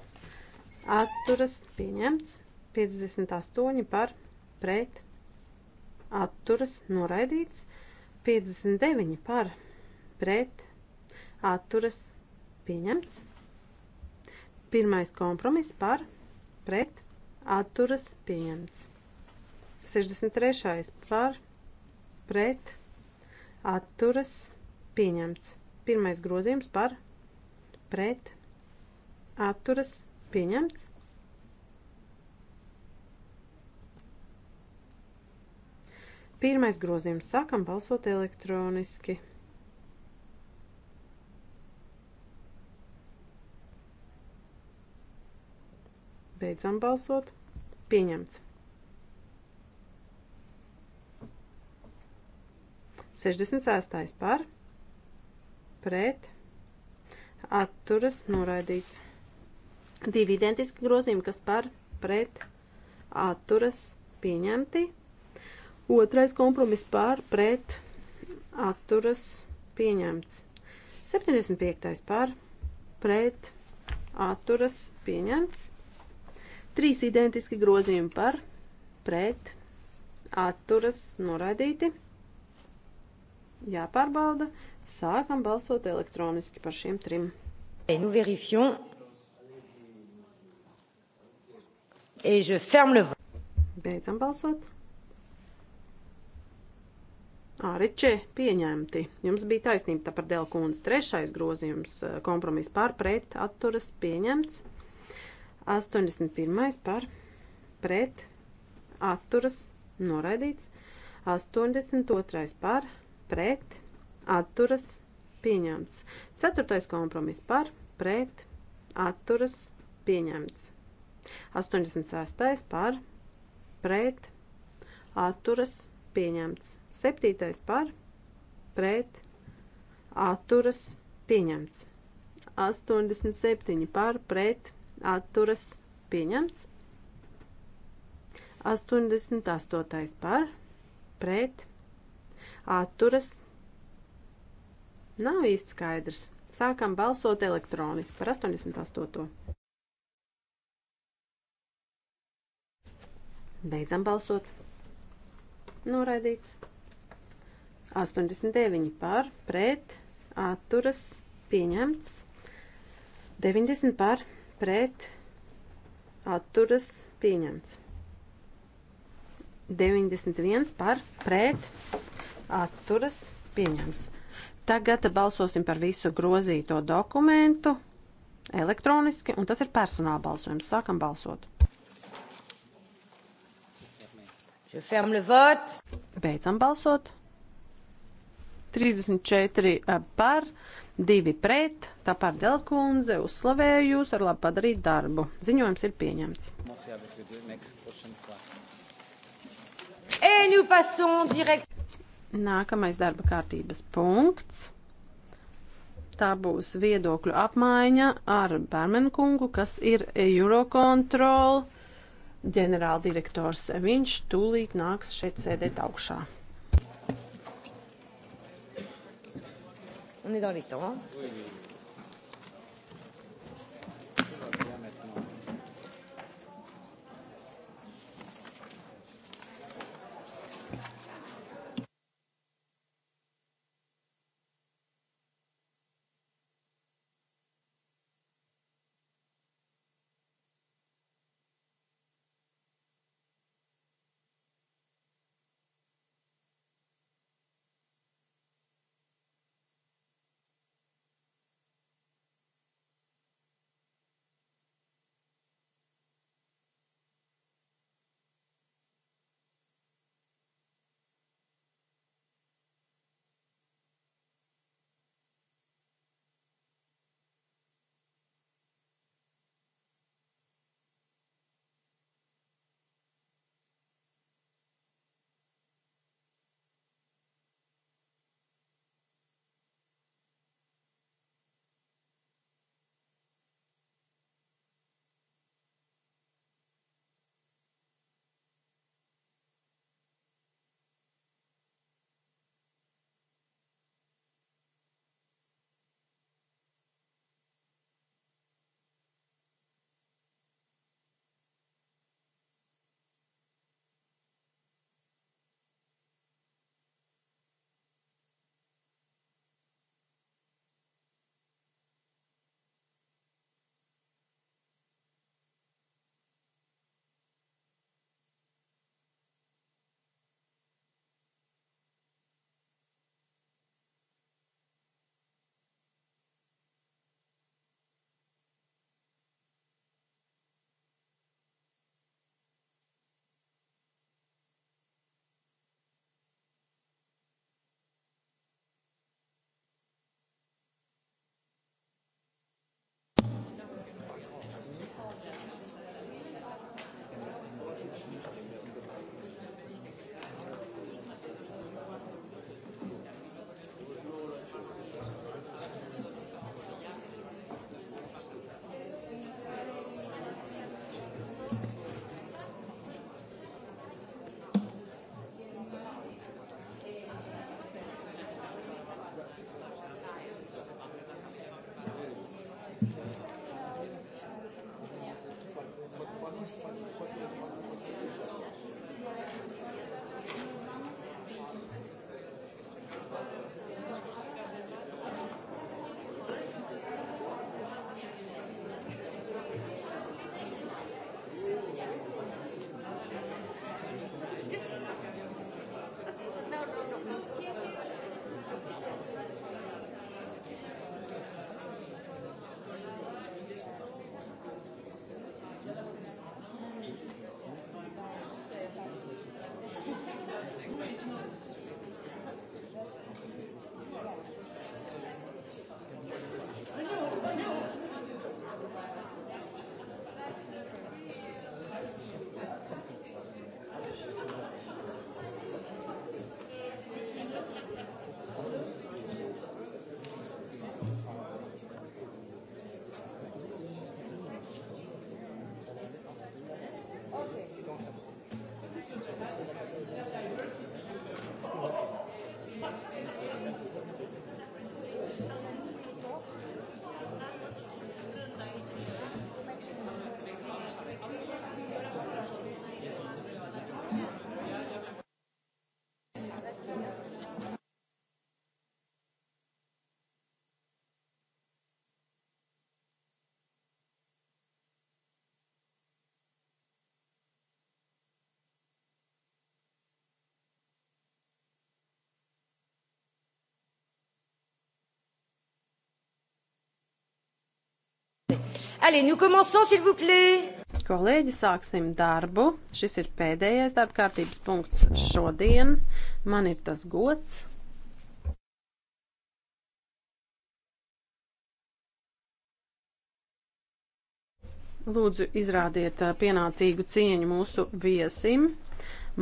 atturas pieņemts. 58. par pret atturas noraidīts. 59. par pret atturas pieņemts. Pirmais kompromiss par pret atturas pieņemts. 63. par pret atturas pieņemts. Pirmais grozījums par pret atturas pieņemts. Pirmais grozījums sākam balsot elektroniski. Beidzam balsot. Pieņemts. 66. par pret atturas noraidīts. Divi identiski grozījumi, kas par pret atturas pieņemti. Otrais kompromiss par pret atturas pieņemts. 75. par pret atturas pieņemts. Trīs identiski grozījumi par pret atturas noraidīti. Jāpārbauda. Sākam balsot elektroniski par šiem trim. Et nous vérifions. Et je ferme le vote. Beidzam balsot. Āriče pieņemti. Jums bija taisnība tā par Delkūnas trešais grozījums eh, kompromis par pret atturas pieņemts. 81. par pret atturas noraidīts. 82. par pret pret, atturas, pieņemts. Ceturtais kompromiss par, pret, atturas, pieņemts. 86. par, pret, atturas, pieņemts. 7. par, pret, atturas, pieņemts. 87. par, pret, atturas, pieņemts. 88. par, pret, atturas. Nav īsti skaidrs. Sākam balsot elektroniski par 88. Beidzam balsot. Noraidīts. 89 par, pret, atturas, pieņemts. 90 par, pret, atturas, pieņemts. 91 par, pret, atturas pieņemts. Tagad balsosim par visu grozīto dokumentu elektroniski, un tas ir personāla balsojums. Sākam balsot. Je ferme le vote. Beidzam balsot. 34 eh, par, 2 pret, tā par Delkundze uzslavēju jūs ar labu padarītu darbu. Ziņojums ir pieņemts. Et nous passons direct. Nākamais darba kārtības punkts. Tā būs viedokļu apmaiņa ar Bērmenu kungu, kas ir Eurocontrol ģenerāldirektors. Viņš tūlīt nāks šeit sēdēt augšā. On est dans les temps. Hein? Oui, oui. Allez, nous commençons, s'il vous plaît! Kolēģi, sāksim darbu. Šis ir pēdējais darba kārtības punkts šodien. Man ir tas gods. Lūdzu, izrādiet pienācīgu cieņu mūsu viesim.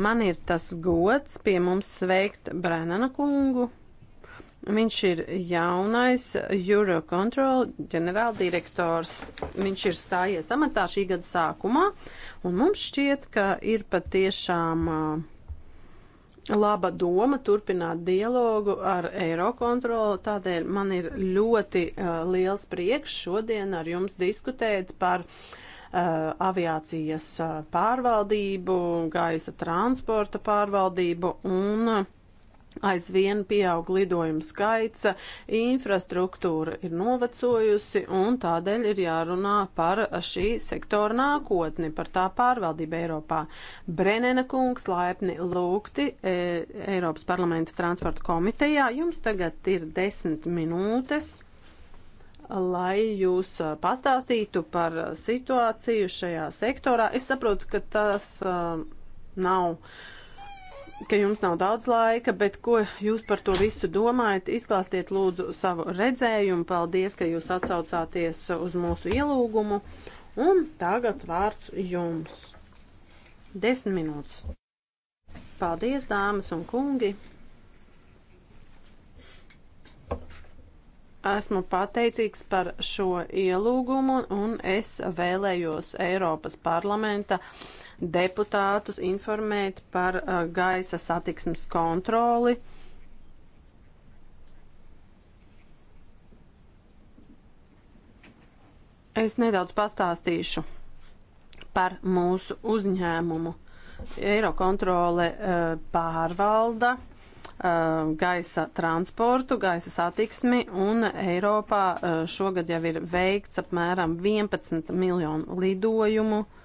Man ir tas gods pie mums sveikt Brēnana kungu, Viņš ir jaunais Eurocontrol ģenerāldirektors. Viņš ir stājies amatā šī gada sākumā, un mums šķiet, ka ir patiešām laba doma turpināt dialogu ar Eurocontrolu. Tādēļ man ir ļoti liels prieks šodien ar jums diskutēt par aviācijas pārvaldību, gaisa transporta pārvaldību un Aizvien pieaug lidojumu skaits, infrastruktūra ir novecojusi un tādēļ ir jārunā par šī sektora nākotni, par tā pārvaldību Eiropā. Brenena kungs laipni lūgti e, Eiropas parlamenta transporta komitejā. Jums tagad ir desmit minūtes, lai jūs e, pastāstītu par situāciju šajā sektorā. Es saprotu, ka tas e, nav ka jums nav daudz laika, bet ko jūs par to visu domājat? Izklāstiet lūdzu savu redzējumu. Paldies, ka jūs atsaucāties uz mūsu ielūgumu. Un tagad vārds jums. Desmit minūtes. Paldies, dāmas un kungi. Esmu pateicīgs par šo ielūgumu un es vēlējos Eiropas parlamenta uh, deputātus informēt par uh, gaisa satiksmes kontroli. Es nedaudz pastāstīšu par mūsu uzņēmumu. Eirokontrole uh, pārvalda uh, gaisa transportu, gaisa satiksmi, un Eiropā uh, šogad jau ir veikts apmēram 11 miljonu lidojumu. Uh,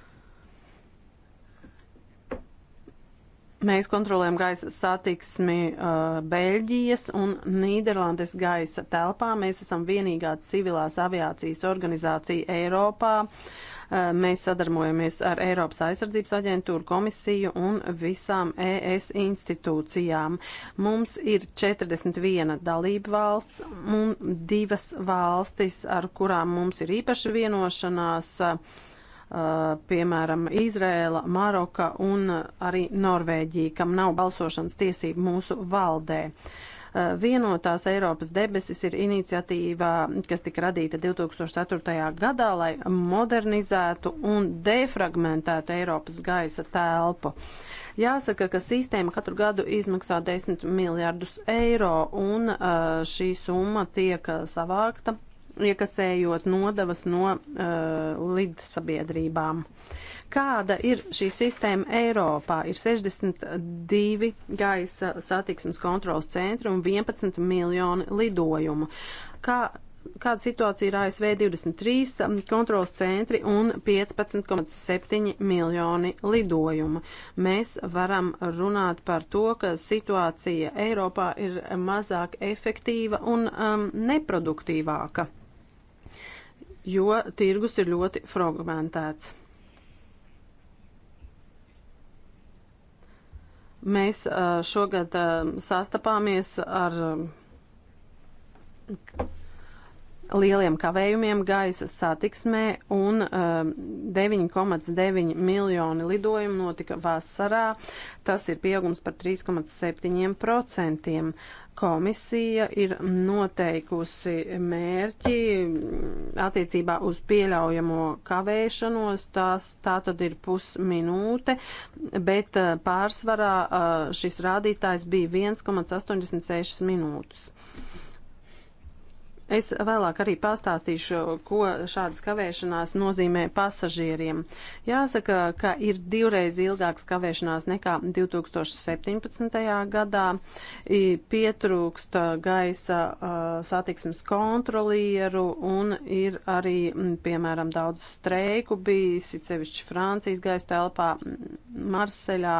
Mēs kontrolējam gaisa satiksmi uh, Beļģijas un Nīderlandes gaisa telpā. Mēs esam vienīgā civilās aviācijas organizācija Eiropā. Uh, mēs sadarbojamies ar Eiropas aizsardzības aģentūru komisiju un visām ES institūcijām. Mums ir 41 dalība valsts un divas valstis, ar kurām mums ir īpaša vienošanās. Uh, Uh, piemēram, Izrēla, Maroka un arī Norvēģija, kam nav balsošanas tiesību mūsu valdē. Uh, vienotās Eiropas debesis ir iniciatīva, kas tika radīta 2004. gadā, lai modernizētu un defragmentētu Eiropas gaisa telpu. Jāsaka, ka sistēma katru gadu izmaksā 10 miljardus eiro, un uh, šī summa tiek savākta iekasējot nodavas no uh, lidsabiedrībām. Kāda ir šī sistēma Eiropā? Ir 62 gaisa satiksmes kontrolas centri un 11 miljoni lidojumu. Kā, kāda situācija ir ASV 23 um, kontrolas centri un 15,7 miljoni lidojumu? Mēs varam runāt par to, ka situācija Eiropā ir mazāk efektīva un um, neproduktīvāka jo tirgus ir ļoti fragmentēts. Mēs uh, šogad um, sastapāmies ar um, lieliem kavējumiem gaisa satiksmē un 9,9 um, miljoni lidojumu notika vasarā. Tas ir pieaugums par 3,7%. Komisija ir noteikusi mērķi attiecībā uz pieļaujamo kavēšanos, tās, tā tad ir pusminūte, bet uh, pārsvarā uh, šis rādītājs bija 1,86 minūtes. Es vēlāk arī pastāstīšu, ko šādas kavēšanās nozīmē pasažieriem. Jāsaka, ka ir divreiz ilgāks kavēšanās nekā 2017. gadā, pietrūkst gaisa satiksmes kontrolieru un ir arī, piemēram, daudz streiku bijis, it sevišķi Francijas gaisa telpā, Marseļā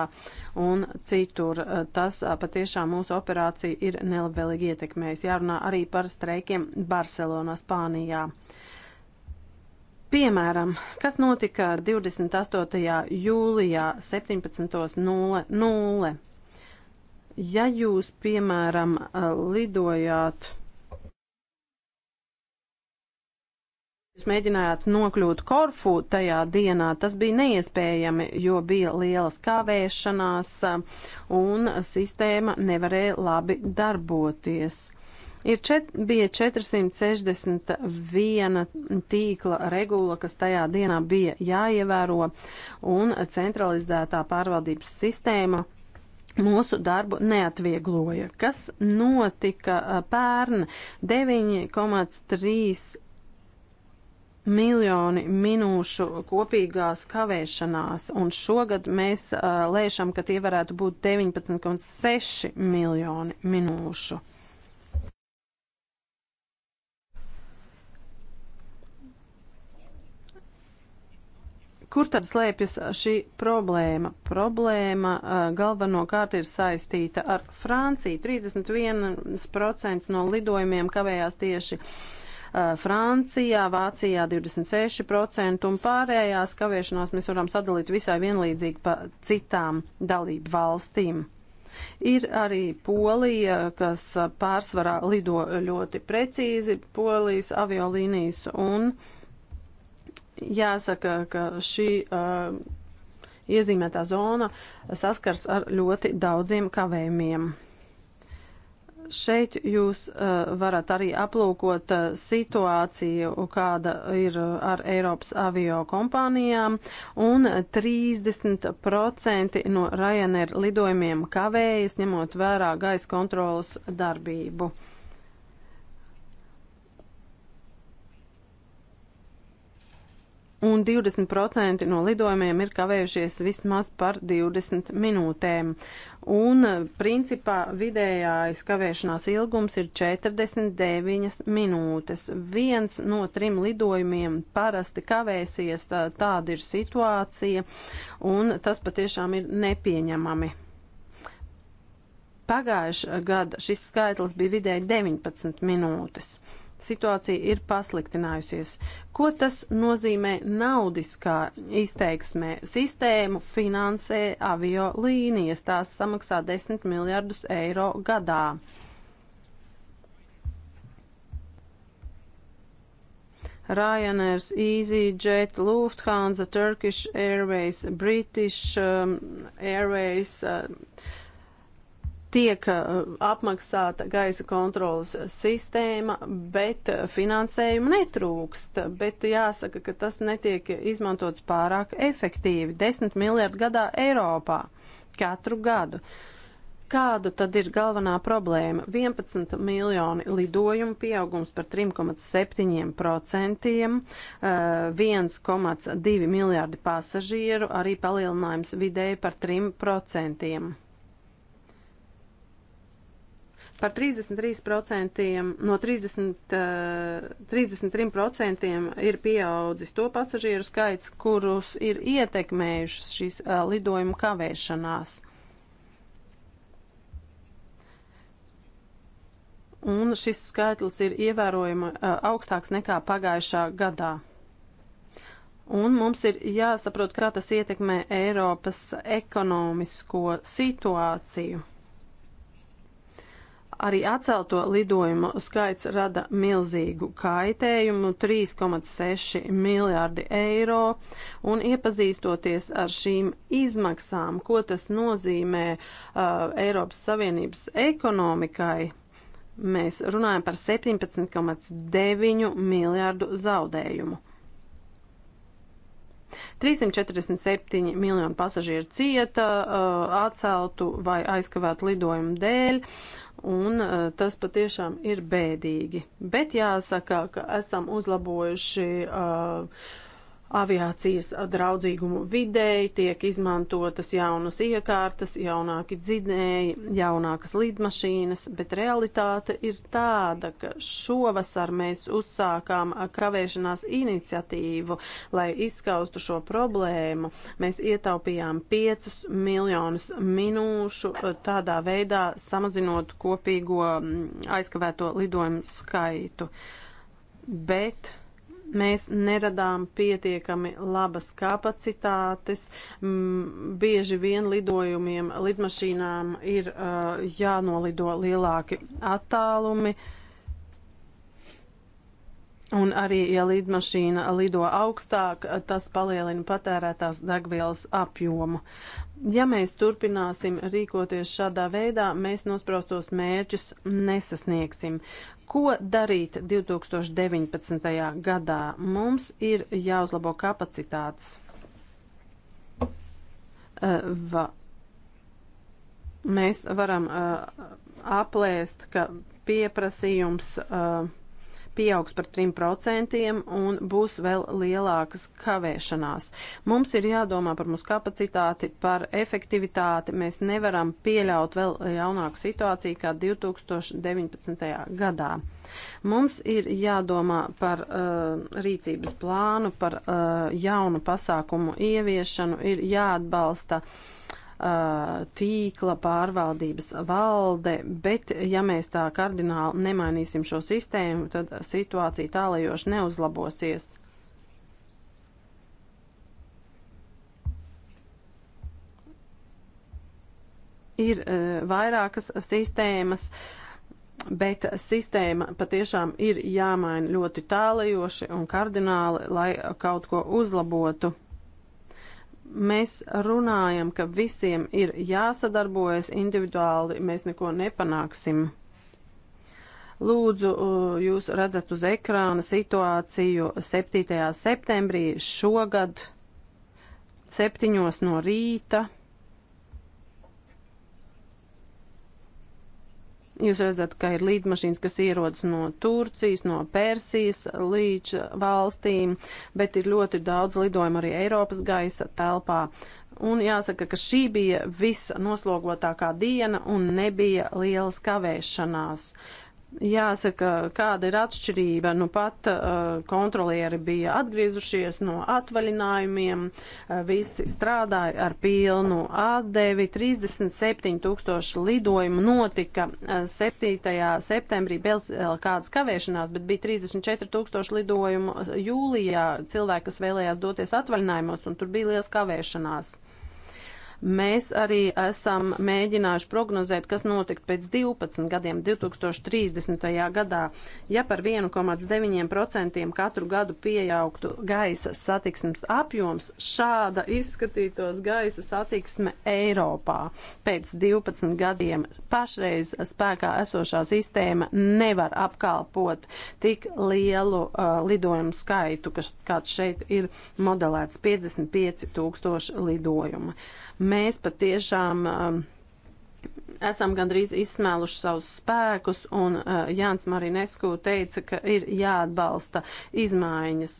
un citur. Tas patiešām mūsu operāciju ir nelabvēlīgi ietekmējis. Jārunā arī par streikiem Barcelonā, Spānijā. Piemēram, kas notika 28. jūlijā 17.00? Ja jūs, piemēram, lidojāt, jūs mēģinājāt nokļūt Korfu tajā dienā, tas bija neiespējami, jo bija lielas kavēšanās un sistēma nevarēja labi darboties. Ir čet, bija 461 tīkla regula, kas tajā dienā bija jāievēro, un centralizētā pārvaldības sistēma mūsu darbu neatviegloja. Kas notika pērn 9,3 miljoni minūšu kopīgās kavēšanās, un šogad mēs uh, lēšam, ka tie varētu būt 19,6 miljoni minūšu. Kur tad slēpjas šī problēma? Problēma galvenokārt ir saistīta ar Franciju. 31% no lidojumiem kavējās tieši Francijā, Vācijā 26% un pārējās kavēšanās mēs varam sadalīt visai vienlīdzīgi pa citām dalību valstīm. Ir arī Polija, kas pārsvarā lido ļoti precīzi, Polijas aviolīnijas un uh, Jāsaka, ka šī. Uh, iezīmētā zona saskars ar ļoti daudziem kavējumiem. Šeit jūs uh, varat arī aplūkot uh, situāciju, kāda ir uh, ar Eiropas avio kompānijām, un 30% no Ryanair lidojumiem kavējas, ņemot vērā gaisa kontrolas darbību. Uh, un 20% no lidojumiem ir kavējušies vismaz par 20 minūtēm. Un, principā, vidējais kavēšanās ilgums ir 49 minūtes. Viens no trim lidojumiem parasti kavēsies, tā, tāda ir situācija, un tas patiešām ir nepieņemami. Pagājušā gada šis skaitlis bija vidēji 19 minūtes situācija ir pasliktinājusies. Ko tas nozīmē naudiskā izteiksmē? Sistēmu finansē avio līnijas, tās samaksā 10 miljardus eiro gadā. Ryanair, EasyJet, Lufthansa, Turkish Airways, British um, Airways. Uh, tiek eh, apmaksāta gaisa kontrolas sistēma, bet eh, finansējuma netrūkst. Bet jāsaka, ka tas netiek izmantots pārāk efektīvi - 10 miljardu gadā Eiropā katru gadu. Kāda tad ir galvenā problēma? 11 miljoni lidojumu pieaugums par 3,7%, 1,2 eh, miljardi pasažieru, arī palielinājums vidēji par 3%. Par 33% no 30, 33% eh, ir pieaudzis to pasažieru skaits, kurus ir ietekmējušas šīs eh, lidojuma kavēšanās. Un šis skaitlis ir ievērojami eh, augstāks nekā pagājušā gadā. Un mums ir jāsaprot, kā tas ietekmē Eiropas ekonomisko situāciju. Arī atcelto lidojumu skaits rada milzīgu kaitējumu - 3,6 miljārdi eiro, un iepazīstoties ar šīm izmaksām, ko tas nozīmē uh, Eiropas Savienības ekonomikai, mēs runājam par 17,9 miljārdu zaudējumu. 347 miljoni pasažieru cieta uh, atceltu vai aizkavētu lidojumu dēļ, un eh, tas patiešām ir bēdīgi. Bet jāsaka, ka esam uzlabojuši uh, aviācijas draudzīgumu videi, tiek izmantotas jaunas iekārtas, jaunāki dzinēji, jaunākas lidmašīnas, bet realitāte ir tāda, ka šovasar mēs uzsākām kavēšanās iniciatīvu, lai izskaustu šo problēmu. Mēs ietaupījām 5 miljonus minūšu, eh, tādā veidā samazinot kopīgo mm, aizkavēto lidojumu skaitu. Bet mēs neradām pietiekami labas kapacitātes. M, bieži vien lidojumiem lidmašīnām ir uh, jānolido lielāki attālumi. Un arī, ja lidmašīna lido augstāk, tas palielina patērētās degvielas apjomu. Ja mēs turpināsim rīkoties šādā veidā, mēs nospraustos mērķus nesasniegsim. Ko darīt 2019. gadā? Mums ir jāuzlabo kapacitātes. Eh, va, mēs varam uh, aplēst, ka pieprasījums uh, pieaugs par 3% un būs vēl lielākas kavēšanās. Mums ir jādomā par mūsu kapacitāti, par efektivitāti. Mēs nevaram pieļaut vēl jaunāku situāciju kā 2019. gadā. Mums ir jādomā par uh, rīcības plānu, par uh, jaunu pasākumu ieviešanu, ir jāatbalsta uh, tīkla pārvaldības valde, bet ja mēs tā kardināli nemainīsim šo sistēmu, tad situācija tālajoši neuzlabosies. Ir vairākas sistēmas, bet sistēma patiešām ir jāmaina ļoti tālajoši un kardināli, lai kaut ko uzlabotu. Mēs runājam, ka visiem ir jāsadarbojas individuāli, mēs neko nepanāksim. Lūdzu, uh, jūs redzat uz ekrāna situāciju 7. septembrī šogad, 7. no rīta. Jūs redzat, ka ir līdmašīnas, kas ierodas no Turcijas, no Persijas līdz valstīm, bet ir ļoti daudz lidojumu arī Eiropas gaisa telpā. Un jāsaka, ka šī bija visnoslogotākā diena un nebija lielas kavēšanās. Uh, Jāsaka, kāda ir atšķirība. Nu, pat uh, kontrolieri bija atgriezušies no atvaļinājumiem, uh, visi strādāja ar pilnu atdevi. 37 tūkstoši lidojumu notika 7. Uh, septembrī bez uh, kādas kavēšanās, bet bija 34 tūkstoši lidojumu jūlijā cilvēki, kas vēlējās doties atvaļinājumos, un tur bija liels kavēšanās. Mēs arī esam mēģinājuši prognozēt, kas notikt pēc 12 gadiem, 2030. gadā, ja par 1,9% katru gadu pieaugtu gaisa satiksmes apjoms, šāda izskatītos gaisa satiksme Eiropā pēc 12 gadiem. Pašreiz spēkā esošā sistēma nevar apkalpot tik lielu uh, lidojumu skaitu, kas kāds šeit ir modelēts 55 tūkstoši lidojumu. Uh, Mēs patiešām um, esam gandrīz izsmēluši savus spēkus, un uh, Jānis Marinesku teica, ka ir jāatbalsta izmaiņas.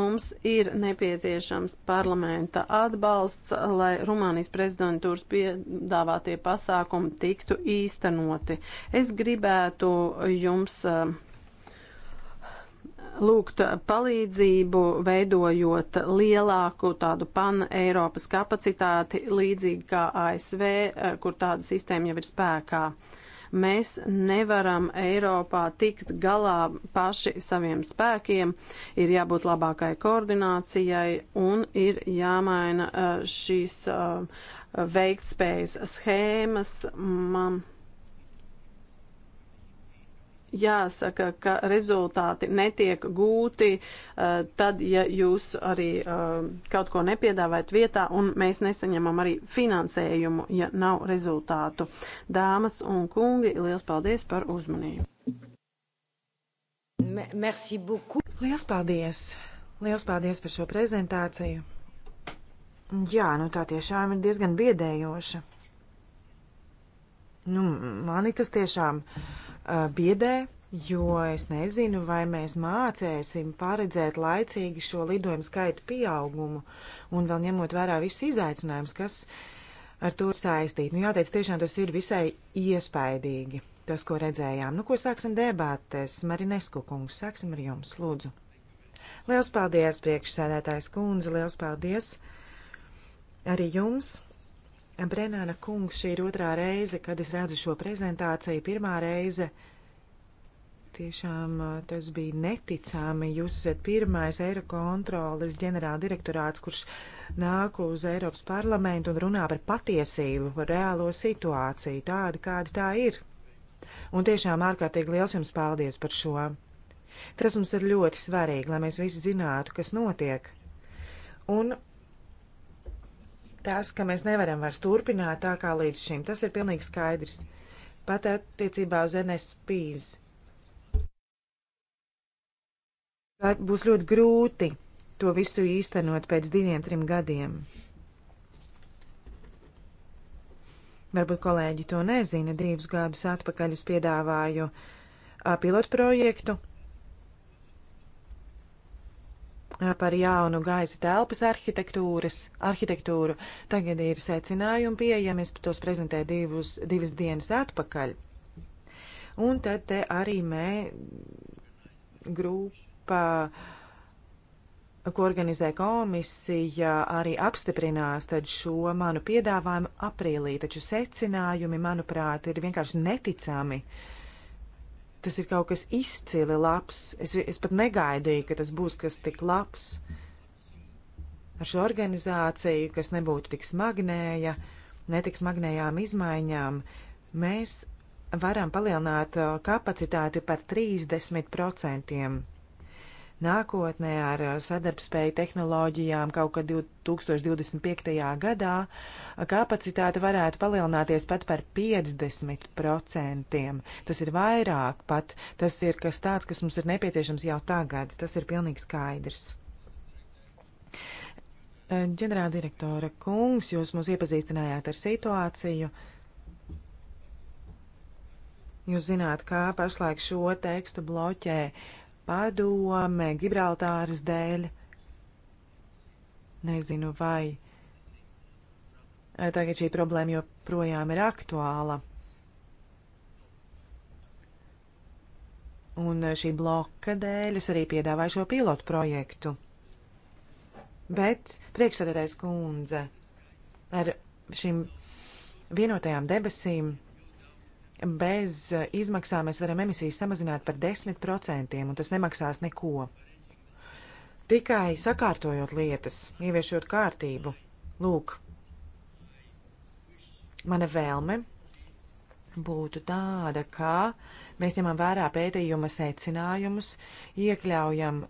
Mums ir nepieciešams parlamenta atbalsts, lai Rumānijas prezidentūras piedāvātie pasākumi tiktu īstenoti. Es gribētu jums. Uh, lūgt palīdzību, veidojot lielāku tādu pan-Eiropas kapacitāti, līdzīgi kā ASV, eh, kur tāda sistēma jau ir spēkā. Mēs nevaram Eiropā tikt galā paši saviem spēkiem, ir jābūt labākai koordinācijai un ir jāmaina eh, šīs eh, veiktspējas schēmas. Man jāsaka, ka rezultāti netiek gūti, eh, tad, ja jūs arī eh, kaut ko nepiedāvājat vietā, un mēs nesaņemam arī finansējumu, ja nav rezultātu. Dāmas un kungi, liels paldies par uzmanību! Merci beaucoup! Liels paldies! Liels paldies par šo prezentāciju! Jā, nu tā tiešām ir diezgan biedējoša. Nu, mani tas tiešām uh, biedē, jo es nezinu, vai mēs mācēsim paredzēt laicīgi šo lidojumu skaitu pieaugumu un vēl ņemot vērā visus izaicinājumus, kas ar to ir saistīti. Nu, jāteic, tiešām tas ir visai iespaidīgi, tas, ko redzējām. Nu, ko sāksim debātēs, Marinesku kungs, sāksim ar jums, lūdzu. Liels paldies, priekšsēdētājs kundze, liels paldies arī jums! Brenāna kungs, šī ir otrā reize, kad es redzu šo prezentāciju. Pirmā reize tiešām tas bija neticami. Jūs esat pirmais Eirokontroles ģenerāldirektorāts, kurš nāk uz Eiropas parlamentu un runā par patiesību, par reālo situāciju, tādu, kāda tā ir. Un tiešām ārkārtīgi liels jums paldies par šo. Tas mums ir ļoti svarīgi, lai mēs visi zinātu, kas notiek. Un tas, ka mēs nevaram vairs turpināt tā kā līdz šim. Tas ir pilnīgi skaidrs. Pat attiecībā uz NSPs. Būs ļoti grūti to visu īstenot pēc diviem, trim gadiem. Varbūt kolēģi to nezina. Divus gadus atpakaļ es piedāvāju pilotu projektu par jaunu gaisa telpas arhitektūras, arhitektūru. Tagad ir secinājumi pieejami, es tos prezentēju divus, divas dienas atpakaļ. Un tad te arī mē grupa, ko organizē komisija, arī apstiprinās tad šo manu piedāvājumu aprīlī, taču secinājumi, manuprāt, ir vienkārši neticami. Uh, Tas ir kaut kas izcili labs. Es, es pat negaidīju, ka tas būs kas tik labs. Ar šo organizāciju, kas nebūtu tik smagnēja, netiks smagnējām izmaiņām, mēs varam palielināt uh, kapacitāti par 30% nākotnē ar uh, sadarbspēju tehnoloģijām kaut kad 2025. gadā uh, kapacitāte varētu palielināties pat par 50%. Tas ir vairāk pat, tas ir kas tāds, kas mums ir nepieciešams jau tagad, tas ir pilnīgi skaidrs. Uh, ģenerāldirektora kungs, jūs mūs iepazīstinājāt ar situāciju. Jūs zināt, kā pašlaik šo tekstu bloķē uh, padome Gibraltāras dēļ. Nezinu, vai eh, tagad šī problēma joprojām ir aktuāla. Un eh, šī bloka dēļ es arī piedāvāju šo pilotu projektu. Bet priekšsēdētājs kundze ar šīm vienotajām debesīm bez eh, izmaksām mēs varam emisijas samazināt par 10%, un tas nemaksās neko. Tikai sakārtojot lietas, ieviešot kārtību. Lūk, mana vēlme būtu tāda, ka mēs ņemam vērā pētījuma secinājumus, iekļaujam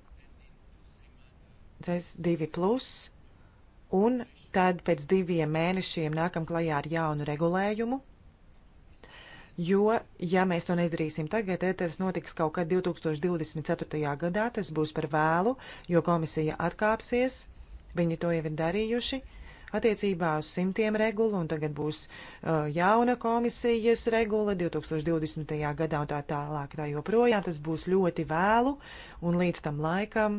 CS2 plus un tad pēc diviem mēnešiem nākam klajā ar jaunu regulējumu, jo, ja mēs to neizdarīsim tagad, tad tas notiks kaut kad 2024. gadā, tas būs par vēlu, jo komisija atkāpsies, viņi to jau ir darījuši. Attiecībā uz simtiem regulu, un tagad būs uh, jauna komisijas regula 2020. gadā un tā tālāk. Tā joprojām tas būs ļoti vēlu, un līdz tam laikam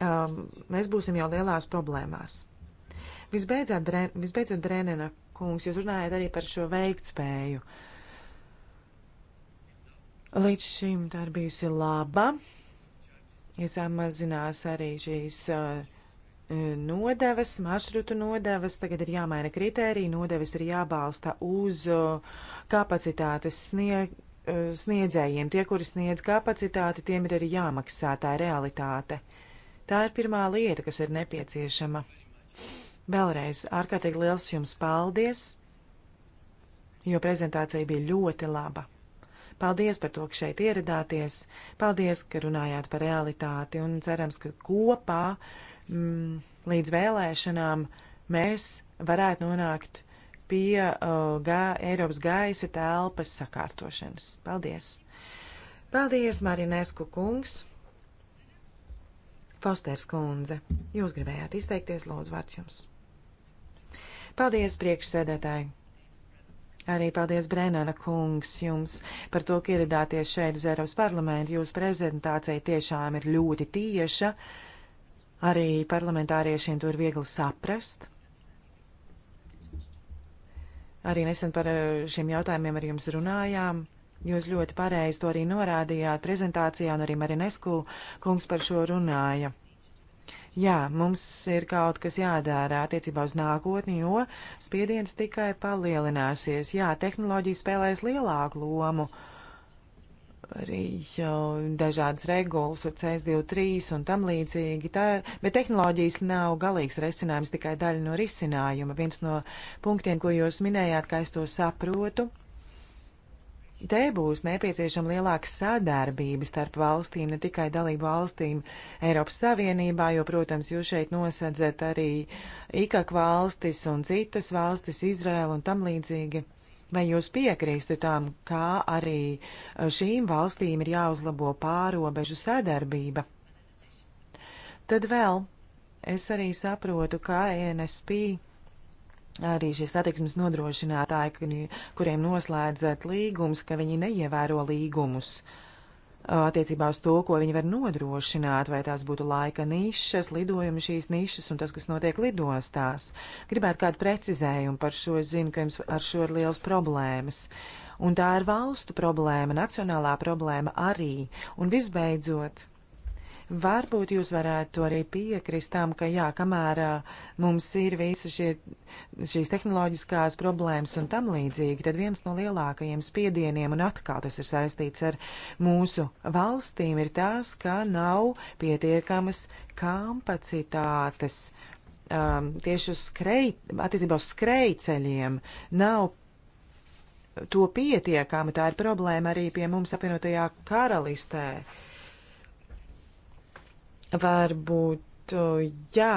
um, mēs būsim jau lielās problēmās. Visbeidzot, Brēnena kungs, jūs runājat arī par šo veiktspēju. Līdz šim tā ir bijusi laba. Iesamazinās ja arī šīs uh, nodevas, maršrutu nodevas. Tagad ir jāmaina kritērija. Nodevas ir jābalsta uz uh, kapacitātes snieg, uh, sniedzējiem. Tie, kuri sniedz kapacitāti, tiem ir arī jāmaksā. Tā ir realitāte. Tā ir pirmā lieta, kas ir nepieciešama. Thank you. Vēlreiz ārkārtīgi liels jums paldies, jo prezentācija bija ļoti laba. Paldies par to, ka šeit ieradāties, paldies, ka runājāt par realitāti un cerams, ka kopā mm, līdz vēlēšanām mēs varētu nonākt pie uh, gā, Eiropas gaisa telpas sakārtošanas. Paldies! Paldies, Marinesku kungs! Fosters kundze, jūs gribējāt izteikties, lūdzu, vārds jums! Paldies, priekšsēdētāji! Arī paldies, Brēnana kungs, jums par to, ka ieradāties šeit uz Eiropas parlamentu. Jūsu prezentācija tiešām ir ļoti tieša. Arī parlamentāriešiem to ir viegli saprast. Arī nesen par eh, šiem jautājumiem ar jums runājām. Jūs ļoti pareizi to arī norādījāt prezentācijā, un arī Marinesku kungs par šo runāja. Jā, mums ir kaut kas jādara attiecībā uz nākotni, jo spiediens tikai palielināsies. Jā, tehnoloģija spēlēs lielāku lomu. Arī jau dažādas regulas ar CS23 un tam līdzīgi. Tā, bet tehnoloģijas nav galīgs risinājums, tikai daļa no risinājuma. Viens no punktiem, ko jūs minējāt, kā es to saprotu, Te būs nepieciešama lielāka sadarbība starp valstīm, ne tikai dalību valstīm Eiropas Savienībā, jo, protams, jūs šeit nosadzat arī IKAK valstis un citas valstis, Izraēlu un tam līdzīgi. Vai jūs piekrīstu tam, kā arī šīm valstīm ir jāuzlabo pārobežu sadarbība? Tad vēl es arī saprotu, kā NSP arī šie satiksmes nodrošinātāji, kuriem noslēdzat līgumus, ka viņi neievēro līgumus attiecībā uz to, ko viņi var nodrošināt, vai tās būtu laika nišas, lidojumi šīs nišas un tas, kas notiek lidostās. Gribētu kādu precizējumu par šo, es zinu, ka jums ar šo ir liels problēmas. Un tā ir valstu problēma, nacionālā problēma arī. Un visbeidzot, Varbūt jūs varētu arī piekrist tam, ka jā, kamēr mums ir visi šie, šīs tehnoloģiskās problēmas un tam līdzīgi, tad viens no lielākajiem spiedieniem, un atkal tas ir saistīts ar mūsu valstīm, ir tas, ka nav pietiekamas kapacitātes. Um, tieši uz skrei, attiecībā uz skrejceļiem nav to pietiekami. Tā ir problēma arī pie mums apvienotajā karalistē. Uh, Varbūt jā,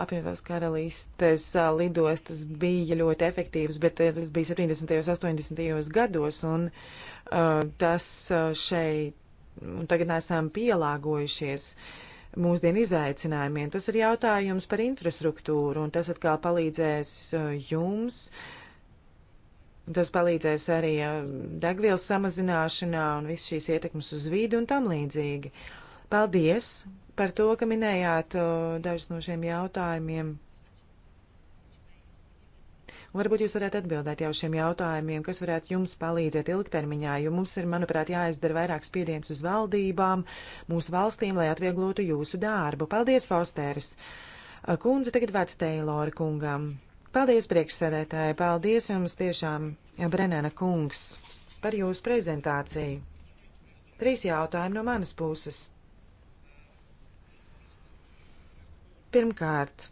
apvienotās karalistes lidostas bija ļoti efektīvas, bet e, tas bija 70. un 80. gados, un uh, tas šeit, un tagad esam pielāgojušies mūsdienu izaicinājumiem. Tas ir jautājums par infrastruktūru, un tas atkal palīdzēs jums. Tas palīdzēs arī degvielas samazināšanā un viss šīs ietekmes uz vīdu un tam līdzīgi. Paldies! par to, ka minējāt dažus no šiem jautājumiem. Un varbūt jūs varētu atbildēt jau šiem jautājumiem, kas varētu jums palīdzēt ilgtermiņā, jo mums ir, manuprāt, jāizdara vairāk spiediens uz valdībām, mūsu valstīm, lai atvieglotu jūsu darbu. Paldies, Fosteris! Kundze, tagad vārds Teilora kungam. Paldies, priekšsēdētāji! Paldies jums tiešām, Brenena kungs, par jūsu prezentāciju. Trīs jautājumi no manas puses. Pirmkārt,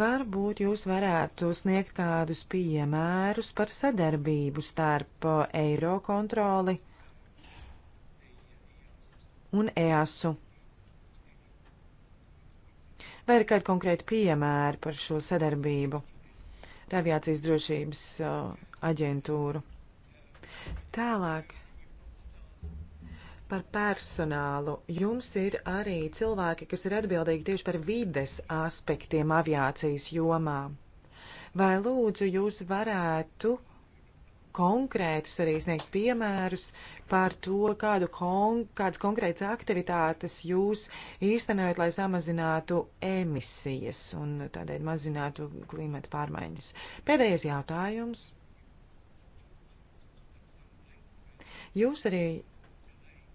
Varbūt jūs varētu sniegt kādus piemērus par sadarbību starp uh, eiro kontroli un EASU. Vai ir kādi konkrēti piemēri par šo sadarbību ar aviācijas drošības uh, aģentūru? Tālāk par personālu. Jums ir arī cilvēki, kas ir atbildīgi tieši par vides aspektiem aviācijas jomā. Vai lūdzu jūs varētu konkrētus arī sniegt piemērus par to, kādu kon kādas konkrētas aktivitātes jūs īstenojat, lai samazinātu emisijas un tādēļ mazinātu klimata pārmaiņas. Pēdējais jautājums. Jūs arī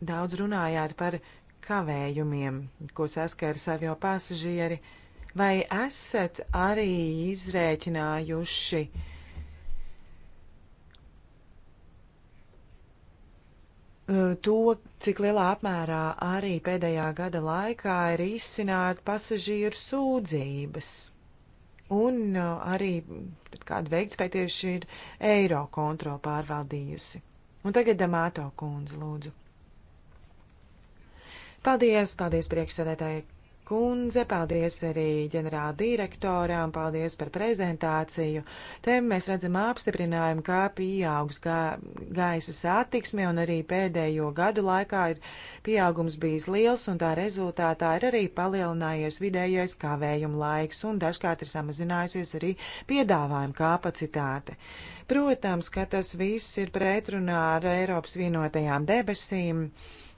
Daudz runājāt par kavējumiem, ko saskaras avio pasažieri. Vai esat arī izrēķinājuši uh, to, cik lielā apmērā arī pēdējā gada laikā ir izcināta pasažieru sūdzības? un uh, arī kādu veiktspēju tieši ir eiro kontrola pārvaldījusi. Un tagad Damāto kundze lūdzu. Paldies, paldies priekšsēdētāji kundze, paldies arī ģenerāla direktorām, paldies par prezentāciju. Te mēs redzam apstiprinājumu, kā pieaugs gā, gaisa satiksme un arī pēdējo gadu laikā ir pieaugums bijis liels un tā rezultātā ir arī palielinājies vidējais kavējuma laiks un dažkārt ir samazinājusies arī piedāvājuma kapacitāte. Protams, ka tas viss ir pretrunā ar Eiropas vienotajām debesīm.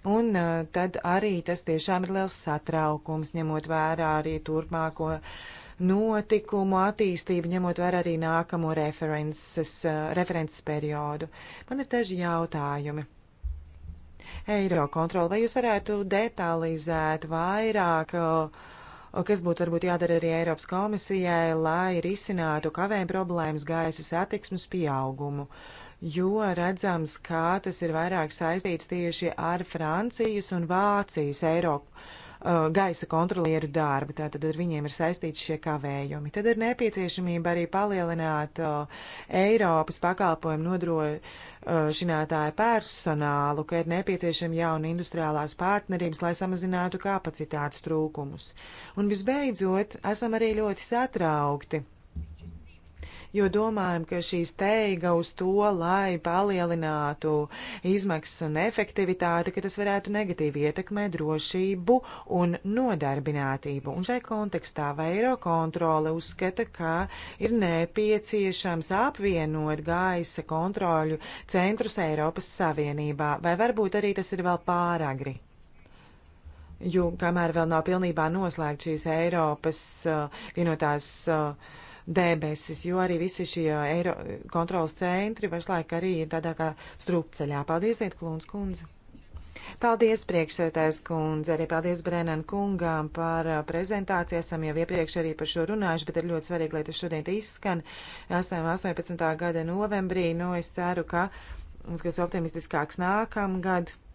Un uh, tad arī tas tiešām ir liels satraukums, ņemot vērā arī turpmāko notikumu attīstību, ņemot vērā arī nākamo references, uh, references periodu. Man ir daži jautājumi. Eirokontroli, vai jūs varētu detalizēt vairāk? Uh, kas būtu varbūt jādara arī Eiropas komisijai, lai risinātu kavējumu problēmas gaisa satiksmes pieaugumu jo redzams, kā tas ir vairāk saistīts tieši ar Francijas un Vācijas Eiropu uh, gaisa kontrolieru darbu, tātad ar viņiem ir saistīti šie kavējumi. Tad ir nepieciešamība arī palielināt o, uh, Eiropas pakalpojumu nodrošinātāju personālu, ka ir nepieciešama jauna industriālās partnerības, lai samazinātu kapacitātes trūkumus. Un visbeidzot, esam arī ļoti satraukti jo domājam, ka šī steiga uz to, lai palielinātu izmaksas un efektivitāti, ka tas varētu negatīvi ietekmēt drošību un nodarbinātību. Un šai kontekstā Vairo kontrole uzskata, ka ir nepieciešams apvienot gaisa kontroļu centrus Eiropas Savienībā, vai varbūt arī tas ir vēl pāragri. Jo kamēr vēl nav pilnībā noslēgts šīs Eiropas uh, vienotās uh, debesis, jo arī visi šie Eiro kontrolas centri pašlaik arī ir tādā kā strupceļā. Paldies, Viet Klūns kundze! Paldies, priekšsētājs kundze, arī paldies Brenan kungām par uh, prezentāciju. Esam jau iepriekš arī par šo runājuši, bet ir ļoti svarīgi, lai tas šodien izskan. Esam 18. gada novembrī, nu no es ceru, ka mums būs optimistiskāks nākamgad. gadu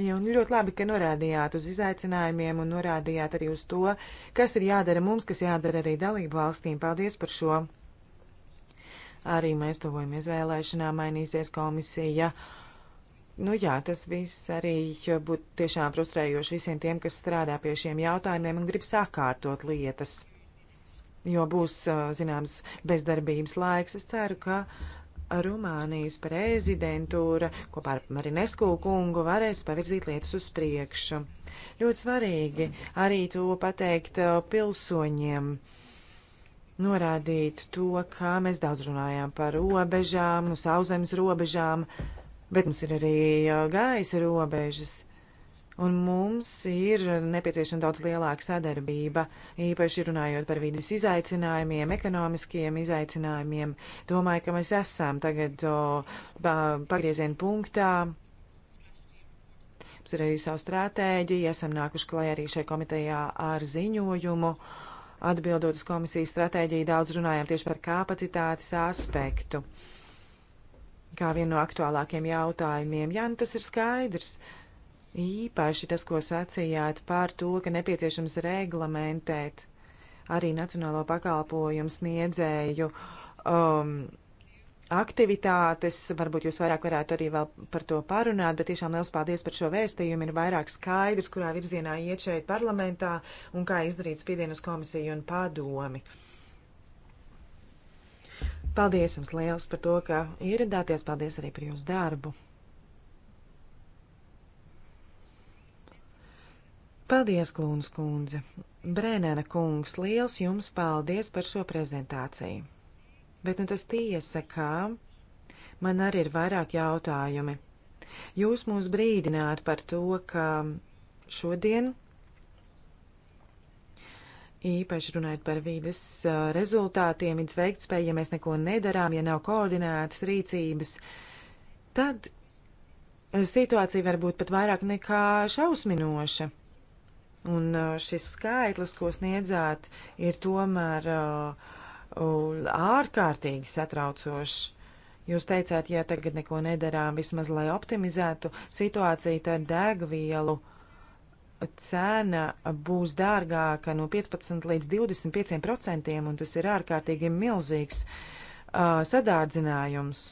Jā, un ļoti labi, ka norādījāt uz izaicinājumiem un norādījāt arī uz to, kas ir jādara mums, kas jādara arī dalību valstīm. Paldies par šo. Arī mēs tuvojamies vēlēšanām, mainīsies komisija. Nu jā, tas viss arī būtu tiešām frustrējoši visiem tiem, kas strādā pie šiem jautājumiem un grib sakārtot lietas. Jo būs, zināms, bezdarbības laiks. Es ceru, ka Rumānijas prezidentūra kopā ar Marinesku kungu varēs pavirzīt lietas uz priekšu. Ļoti svarīgi arī to pateikt uh, pilsoņiem, norādīt to, kā mēs daudz runājām par robežām, no sauszemes robežām, bet mums ir arī uh, gaisa robežas. Un mums ir nepieciešama daudz lielāka sadarbība, īpaši runājot par vidas izaicinājumiem, ekonomiskiem izaicinājumiem. Domāju, ka mēs esam tagad o, pagrieziena punktā. Mums ir arī savu stratēģiju, esam nākuši klajā arī šajā komitejā ar ziņojumu. Atbildot uz komisijas stratēģiju, daudz runājām tieši par kapacitātes aspektu. Kā vienu no aktuālākiem jautājumiem, Jan, nu tas ir skaidrs. Uh, Īpaši tas, ko sacījāt par to, ka nepieciešams reglamentēt arī nacionālo pakalpojumu sniedzēju um, aktivitātes. Varbūt jūs vairāk varētu arī vēl par to parunāt, bet tiešām liels paldies par šo vēstījumu. Ir vairāk skaidrs, kurā virzienā iet šeit parlamentā un kā izdarīt spiedienus komisiju un padomi. Paldies jums liels par to, ka ieradāties. Paldies arī par jūsu darbu. Paldies, Klūnas kundze! Brēnēna kungs, liels jums paldies par šo prezentāciju! Bet nu tas tiesa, ka man arī ir vairāk jautājumi. Jūs mūs brīdināt par to, ka šodien īpaši runājot par vīdes rezultātiem, vidas veiktspēju, ja mēs neko nedarām, ja nav koordinētas rīcības, tad situācija var būt pat vairāk nekā šausminoša. Un uh, šis skaitlis, ko sniedzāt, ir tomēr uh, ārkārtīgi satraucošs. Jūs teicāt, ja tagad neko nedarām, vismaz lai optimizētu situāciju, tad degvielu cena būs dārgāka no 15 līdz 25 procentiem, un tas ir ārkārtīgi milzīgs uh, sadārdzinājums.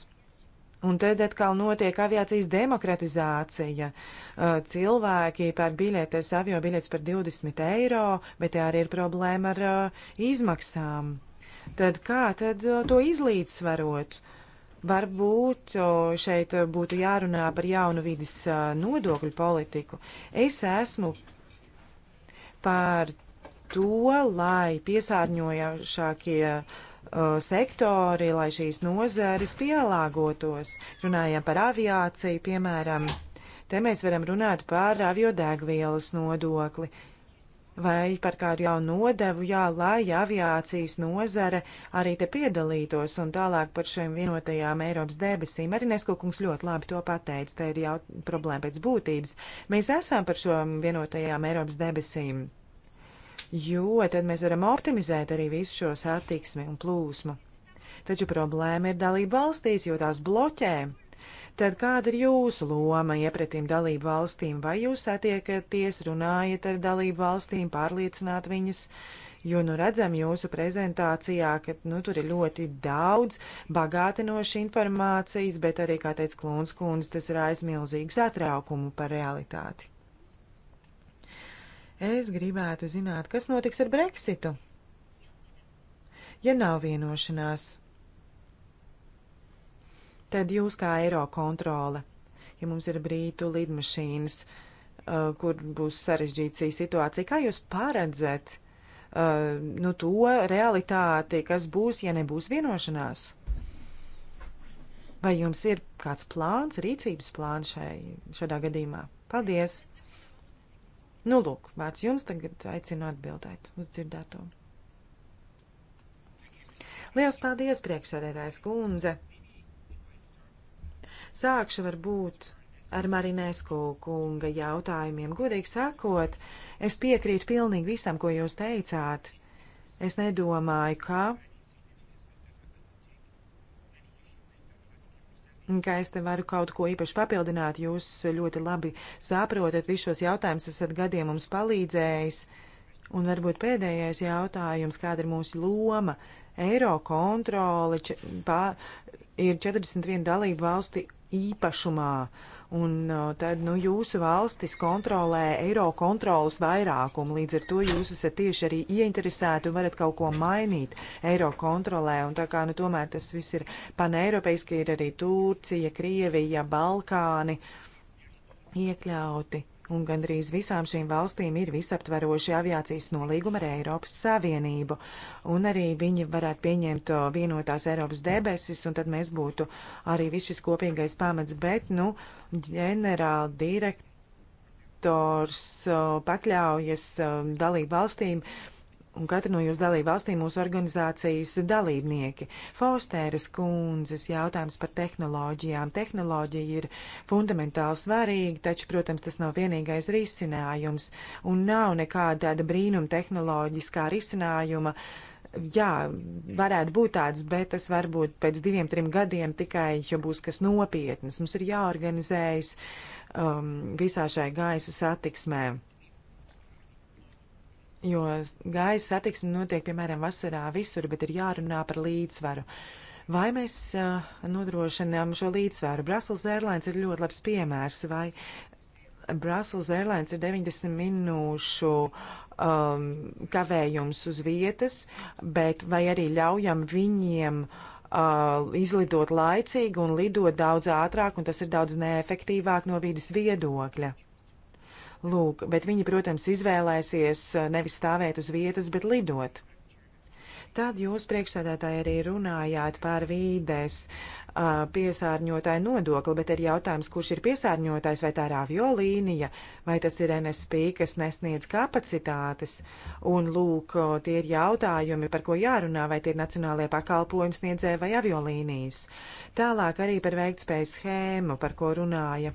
Un tad atkal notiek aviācijas demokratizācija. Uh, cilvēki pērk biļetes, avio biļetes par 20 eiro, bet tā arī ir problēma ar uh, izmaksām. Tad kā tad uh, to izlīdzsvarot? Varbūt šeit būtu jārunā par jaunu vidas nodokļu politiku. Es esmu par to, lai piesārņojošākie uh, Uh, sektori, lai šīs nozares pielāgotos. Runājām par aviāciju, piemēram, te mēs varam runāt par aviodegvielas nodokli vai par kādu jaunu nodevu, jā, lai aviācijas nozare arī te piedalītos un tālāk par šiem vienotajām Eiropas debesīm. Arī Neskokungs ļoti labi to pateica, te ir jau problēma pēc būtības. Mēs esam par šo vienotajām Eiropas debesīm jo tad mēs varam optimizēt arī visu šo satiksmi un plūsmu. Taču problēma ir dalība valstīs, jo tās bloķē. Tad kāda ir jūsu loma iepratīm dalību valstīm? Vai jūs satiekaties, runājat ar dalību valstīm, pārliecināt viņas? Jo nu redzam jūsu prezentācijā, ka nu, tur ir ļoti daudz bagātinoši informācijas, bet arī, kā teica Klūns kundze, tas ir aizmilzīgs atraukumu par realitāti. Es gribētu zināt, kas notiks ar Brexitu, ja nav vienošanās. Tad jūs kā eiro kontrole, ja mums ir brītu lidmašīnas, uh, kur būs sarežģīta šī situācija, kā jūs paredzat uh, nu, to realitāti, kas būs, ja nebūs vienošanās? Vai jums ir kāds plāns, rīcības plāns šai, šādā gadījumā? Paldies! Nu, lūk, vārds jums tagad aicinu atbildēt uz dzirdēto. Lielas paldies, priekšsēdētājs kundze! Sākšu varbūt ar Marinēsku kunga jautājumiem. Godīgi sakot, es piekrītu pilnīgi visam, ko jūs teicāt. Es nedomāju, ka ka es te varu kaut ko īpaši papildināt. Jūs ļoti labi saprotat visus šos jautājumus, esat gadiem mums palīdzējis. Un varbūt pēdējais jautājums, kāda ir mūsu loma? Eiro kontrole ir 41 dalību valsti īpašumā. Uh, Un uh, tad, nu, jūsu valstis kontrolē eiro kontrolas vairākumu, līdz ar to jūs esat tieši arī ieinteresēti un varat kaut ko mainīt eiro kontrolē. Un tā kā, nu, tomēr tas viss ir paneiropeiski, ir arī Turcija, Krievija, Balkāni iekļauti. Un gandrīz visām šīm valstīm ir visaptveroši aviācijas nolīguma ar Eiropas Savienību. Un arī viņi varētu pieņemt uh, vienotās Eiropas debesis, un tad mēs būtu arī viss šis kopīgais pamats. Bet, nu, uh, ģenerāla direktors pakļaujas dalību valstīm un katra no jūsu dalību valstīm mūsu organizācijas dalībnieki. Forstēras kundzes jautājums par tehnoloģijām. Tehnoloģija ir fundamentāli svarīga, taču, protams, tas nav vienīgais risinājums un nav nekāda tāda brīnuma tehnoloģiskā risinājuma. Uh, jā, varētu būt tāds, bet tas varbūt pēc diviem, trim gadiem tikai, ja būs kas nopietnas. Mums ir jāorganizējas um, visā šai gaisa satiksmē. Jo gaisa satiksme notiek, piemēram, vasarā visur, bet ir jārunā par līdzsvaru. Vai mēs uh, nodrošinām šo līdzsvaru? Brussels Airlines ir ļoti labs piemērs, vai Brussels Airlines ir 90 minūšu um, kavējumus uz vietas, bet vai arī ļaujam viņiem uh, izlidot laicīgi un lidot daudz ātrāk, un tas ir daudz neefektīvāk no vidas viedokļa. Lūk, bet viņi, protams, izvēlēsies uh, nevis stāvēt uz vietas, bet lidot. Tad jūs priekšstādātāji arī runājāt par vīdes uh, piesārņotāja nodokli, bet ir jautājums, kurš ir piesārņotājs, vai tā ir aviolīnija, vai tas ir NSP, kas nesniedz kapacitātes. Un lūk, tie ir jautājumi, par ko jārunā, vai tie ir nacionālajie pakalpojums sniedzēji vai aviolīnijas. Tālāk arī par veiktspējas schēmu, par ko runāja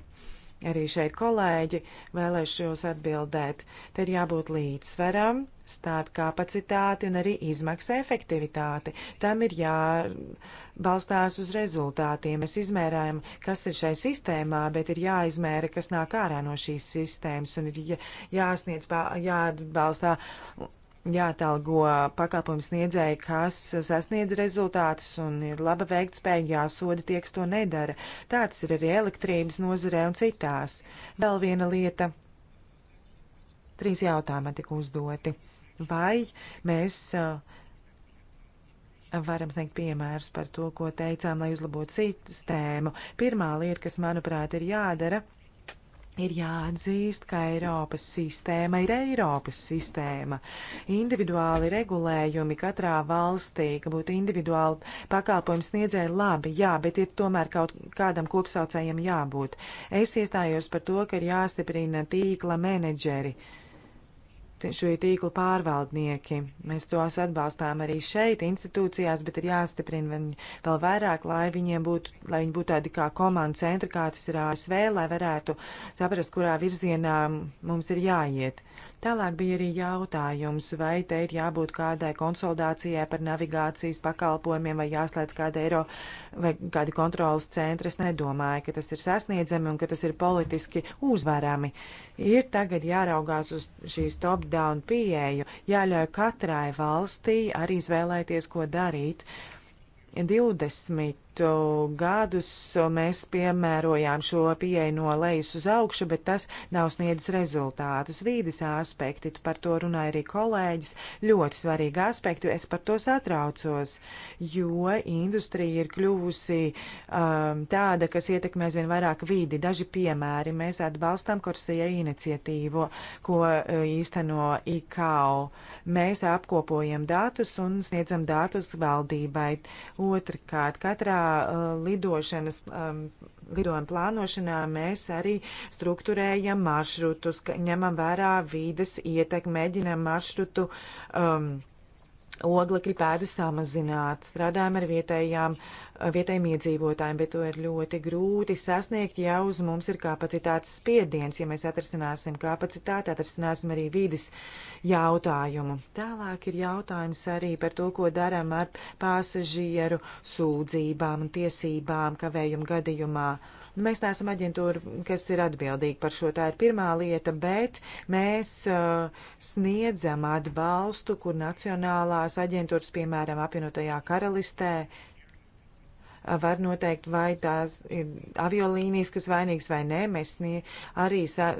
Arī šeit kolēģi vēlēšos atbildēt. Te ir jābūt līdzsveram starp kapacitāti un arī izmaksa efektivitāti. Tam ir jābalstās uz rezultātiem. Mēs izmērājam, kas ir šai sistēmā, bet ir jāizmēra, kas nāk ārā no šīs sistēmas un ir jāsniedz, jāatbalstā jātalgo pakalpojumu sniedzēji, kas sasniedz rezultātus un ir laba veiktspēja, jāsoda tie, kas to nedara. Tāds ir arī elektrības nozarē un citās. Vēl viena lieta. Trīs jautājumi tika uzdoti. Vai mēs uh, varam sniegt piemērus par to, ko teicām, lai uzlabotu sistēmu? Pirmā lieta, kas, manuprāt, ir jādara, ir Ir jāatzīst, ka Eiropas sistēma ir Eiropas sistēma. Individuāli regulējumi katrā valstī, ka būtu individuāli pakalpojums sniedzēji labi, jā, bet ir tomēr kaut kādam kopsaucējiem jābūt. Es iestājos par to, ka ir jāstiprina tīkla menedžeri. Uh, šie tīkla pārvaldnieki. Mēs tos atbalstām arī šeit, institūcijās, bet ir jāstiprina viņi vēl vairāk, lai viņiem būtu, lai viņi būtu tādi kā komandu centri, kā tas ir ASV, lai varētu saprast, kurā virzienā mums ir jāiet. Tālāk bija arī jautājums, vai te ir jābūt kādai konsolidācijai par navigācijas pakalpojumiem, vai jāslēdz kāda eiro vai kāda kontrolas centra. Es nedomāju, ka tas ir sasniedzami un ka tas ir politiski uzvarami. Ir tagad jāraugās uz šīs top-down pieeju, jāļauj katrai valstī arī izvēlēties, ko darīt. 20 gadus mēs piemērojām šo pieeju no lejas uz augšu, bet tas nav sniedzis rezultātus. Vīdes aspekti, par to runāja arī kolēģis, ļoti svarīgi aspekti, es par to satraucos, jo industrija ir kļuvusi um, tāda, kas ietekmēs vien vairāk vīdi. Daži piemēri mēs atbalstām Korsija iniciatīvu, ko uh, īsteno IKAO. Mēs apkopojam datus un sniedzam datus valdībai. Otrkārt, katrā Eh, lidošanas, lidojuma plānošanā mēs arī struktūrējam maršrutus, ņemam vērā vīdes ietekmi, mēģinam maršrutu um, oglekļa pēdu samazināt. Strādājam ar vietējām, vietējiem iedzīvotājiem, bet to ir ļoti grūti sasniegt, ja uz mums ir kapacitātes spiediens. Ja mēs atrisināsim kapacitāti, atrisināsim arī vidas jautājumu. Tālāk ir jautājums arī par to, ko daram ar pasažieru sūdzībām un tiesībām kavējumu gadījumā. Uh, Mēs neesam aģentūra, kas ir atbildīga par šo. Tā ir pirmā lieta, bet mēs uh, sniedzam atbalstu, kur nacionālās aģentūras, piemēram, apvienotajā karalistē, uh, var noteikt, vai tās ir aviolīnijas, kas vainīgas vai nē. Mēs arī sa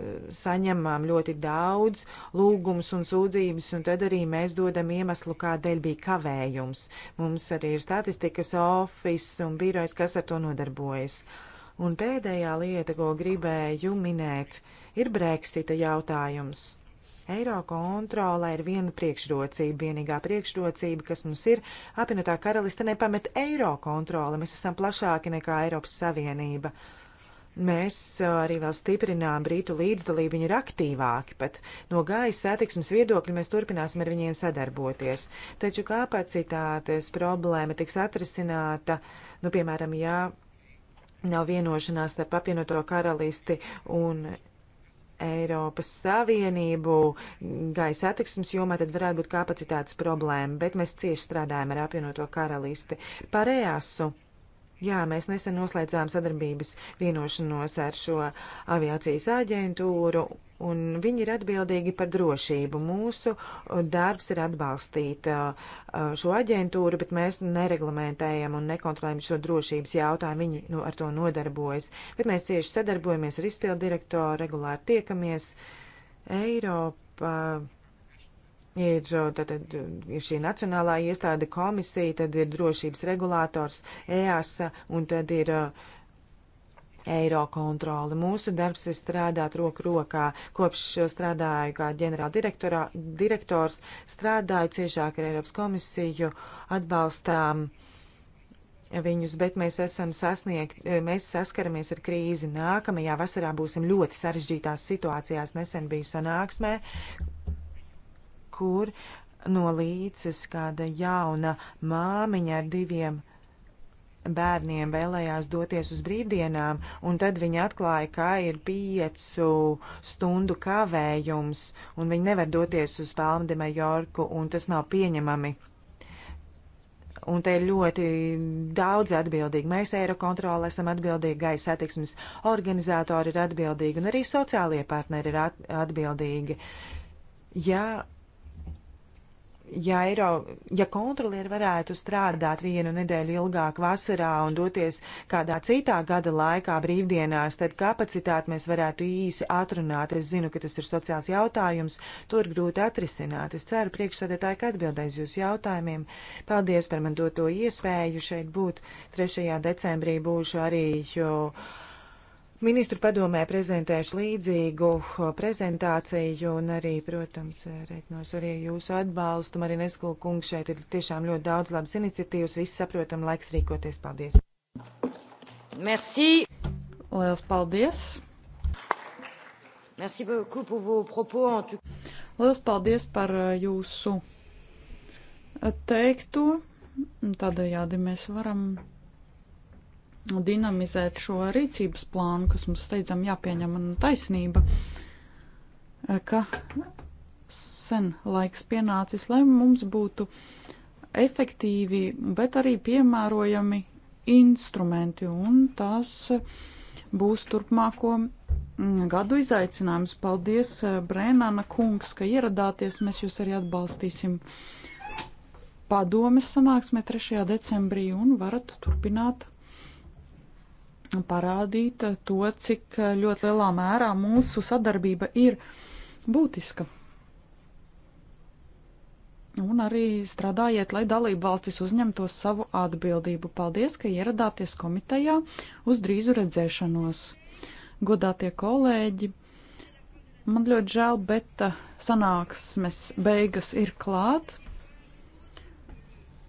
saņemam ļoti daudz lūgumus un sūdzības, un tad arī mēs dodam iemeslu, kādēļ bija kavējums. Mums arī ir statistikas ofis un birojs, kas ar to nodarbojas. Uh, Un pēdējā lieta, ko gribēju minēt, ir Brexita jautājums. Eiro kontrolē ir viena priekšrocība, vienīgā priekšrocība, kas mums ir. Apvienotā karaliste nepamet eiro kontroli, mēs esam plašāki nekā Eiropas Savienība. Mēs uh, arī vēl stiprinām brītu līdzdalību, viņi ir aktīvāki, pat no gaisa satiksmes viedokļa mēs turpināsim ar viņiem sadarboties. Taču kapacitātes problēma tiks atrisināta, nu, piemēram, ja nav vienošanās starp apvienoto karalisti un Eiropas Savienību gaisa attiksmes jomā, tad varētu būt kapacitātes problēma, bet mēs cieši strādājam ar apvienoto karalisti. Par EASU Jā, mēs nesen noslēdzām sadarbības vienošanos ar šo aviācijas aģentūru, un viņi ir atbildīgi par drošību. Mūsu uh, darbs ir atbalstīt uh, uh, šo aģentūru, bet mēs nereglamentējam un nekontrolējam šo drošības jautājumu. Viņi nu, ar to nodarbojas, bet mēs cieši sadarbojamies ar izpildu direktoru, regulāri tiekamies. Eiropa Ir, tātad, uh, uh, ir šī nacionālā iestāde komisija, tad ir drošības regulators EASA un tad ir uh, eiro kontroli. Mūsu darbs ir strādāt roku rokā. Kopš strādāju kā ģenerāldirektors, strādāju ciešāk ar Eiropas komisiju, atbalstām viņus, bet mēs esam sasniegt, eh, mēs saskaramies ar krīzi. Nākamajā vasarā būsim ļoti sarežģītās situācijās. Nesen biju sanāksmē, kur no līdzes kāda jauna māmiņa ar diviem bērniem vēlējās doties uz brīvdienām, un tad viņi atklāja, ka ir piecu stundu kavējums, un viņi nevar doties uz Palmu de Majorku, un tas nav pieņemami. Un te ir ļoti daudz atbildīgi. Mēs Eirokontroli esam atbildīgi, gaisa satiksmes organizatori ir atbildīgi, un arī sociālie partneri ir at atbildīgi. Ja ja, Eiro, ja kontrolieri varētu strādāt vienu nedēļu ilgāk vasarā un doties kādā citā gada laikā brīvdienās, tad kapacitāti mēs varētu īsi atrunāt. Es zinu, ka tas ir sociāls jautājums, to ir grūti atrisināt. Es ceru priekšsēdētāji, ka atbildēs jūs jautājumiem. Paldies par man doto iespēju šeit būt. 3. decembrī būšu arī. Jo, uh, Ministru padomē prezentēšu līdzīgu prezentāciju un arī, protams, reiķinos arī jūsu atbalstu. Marinesko kungs šeit ir tiešām ļoti daudz labas iniciatīvas, viss saprotam, laiks rīkoties. Paldies! Merci! Liels paldies! Merci beaucoup pour vos propos. En tout... Liels paldies par uh, jūsu teikto. Tādējādi mēs varam dinamizēt šo rīcības plānu, kas mums steidzam jāpieņem un taisnība, eh, ka sen laiks pienācis, lai mums būtu efektīvi, bet arī piemērojami instrumenti, un tās būs turpmāko mm, gadu izaicinājums. Paldies, eh, Brēnana kungs, ka ieradāties, mēs jūs arī atbalstīsim padomes sanāksmē 3. decembrī un varat turpināt parādīt to, cik eh, ļoti lielā mērā mūsu sadarbība ir būtiska. Un arī strādājiet, lai dalību valstis uzņemtos savu atbildību. Paldies, ka ieradāties komitejā uz drīzu redzēšanos. Godātie kolēģi, man ļoti žēl, bet eh, sanāksmes beigas ir klāt.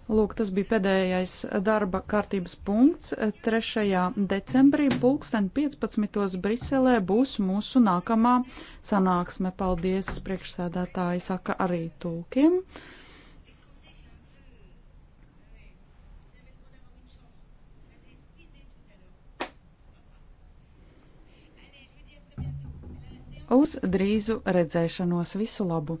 Lūk, tas bija pēdējais darba kārtības punkts. 3. decembrī pulksten 15. Briselē būs mūsu nākamā sanāksme. Paldies priekšsēdētāji saka arī tulkiem. Uz drīzu redzēšanos visu labu!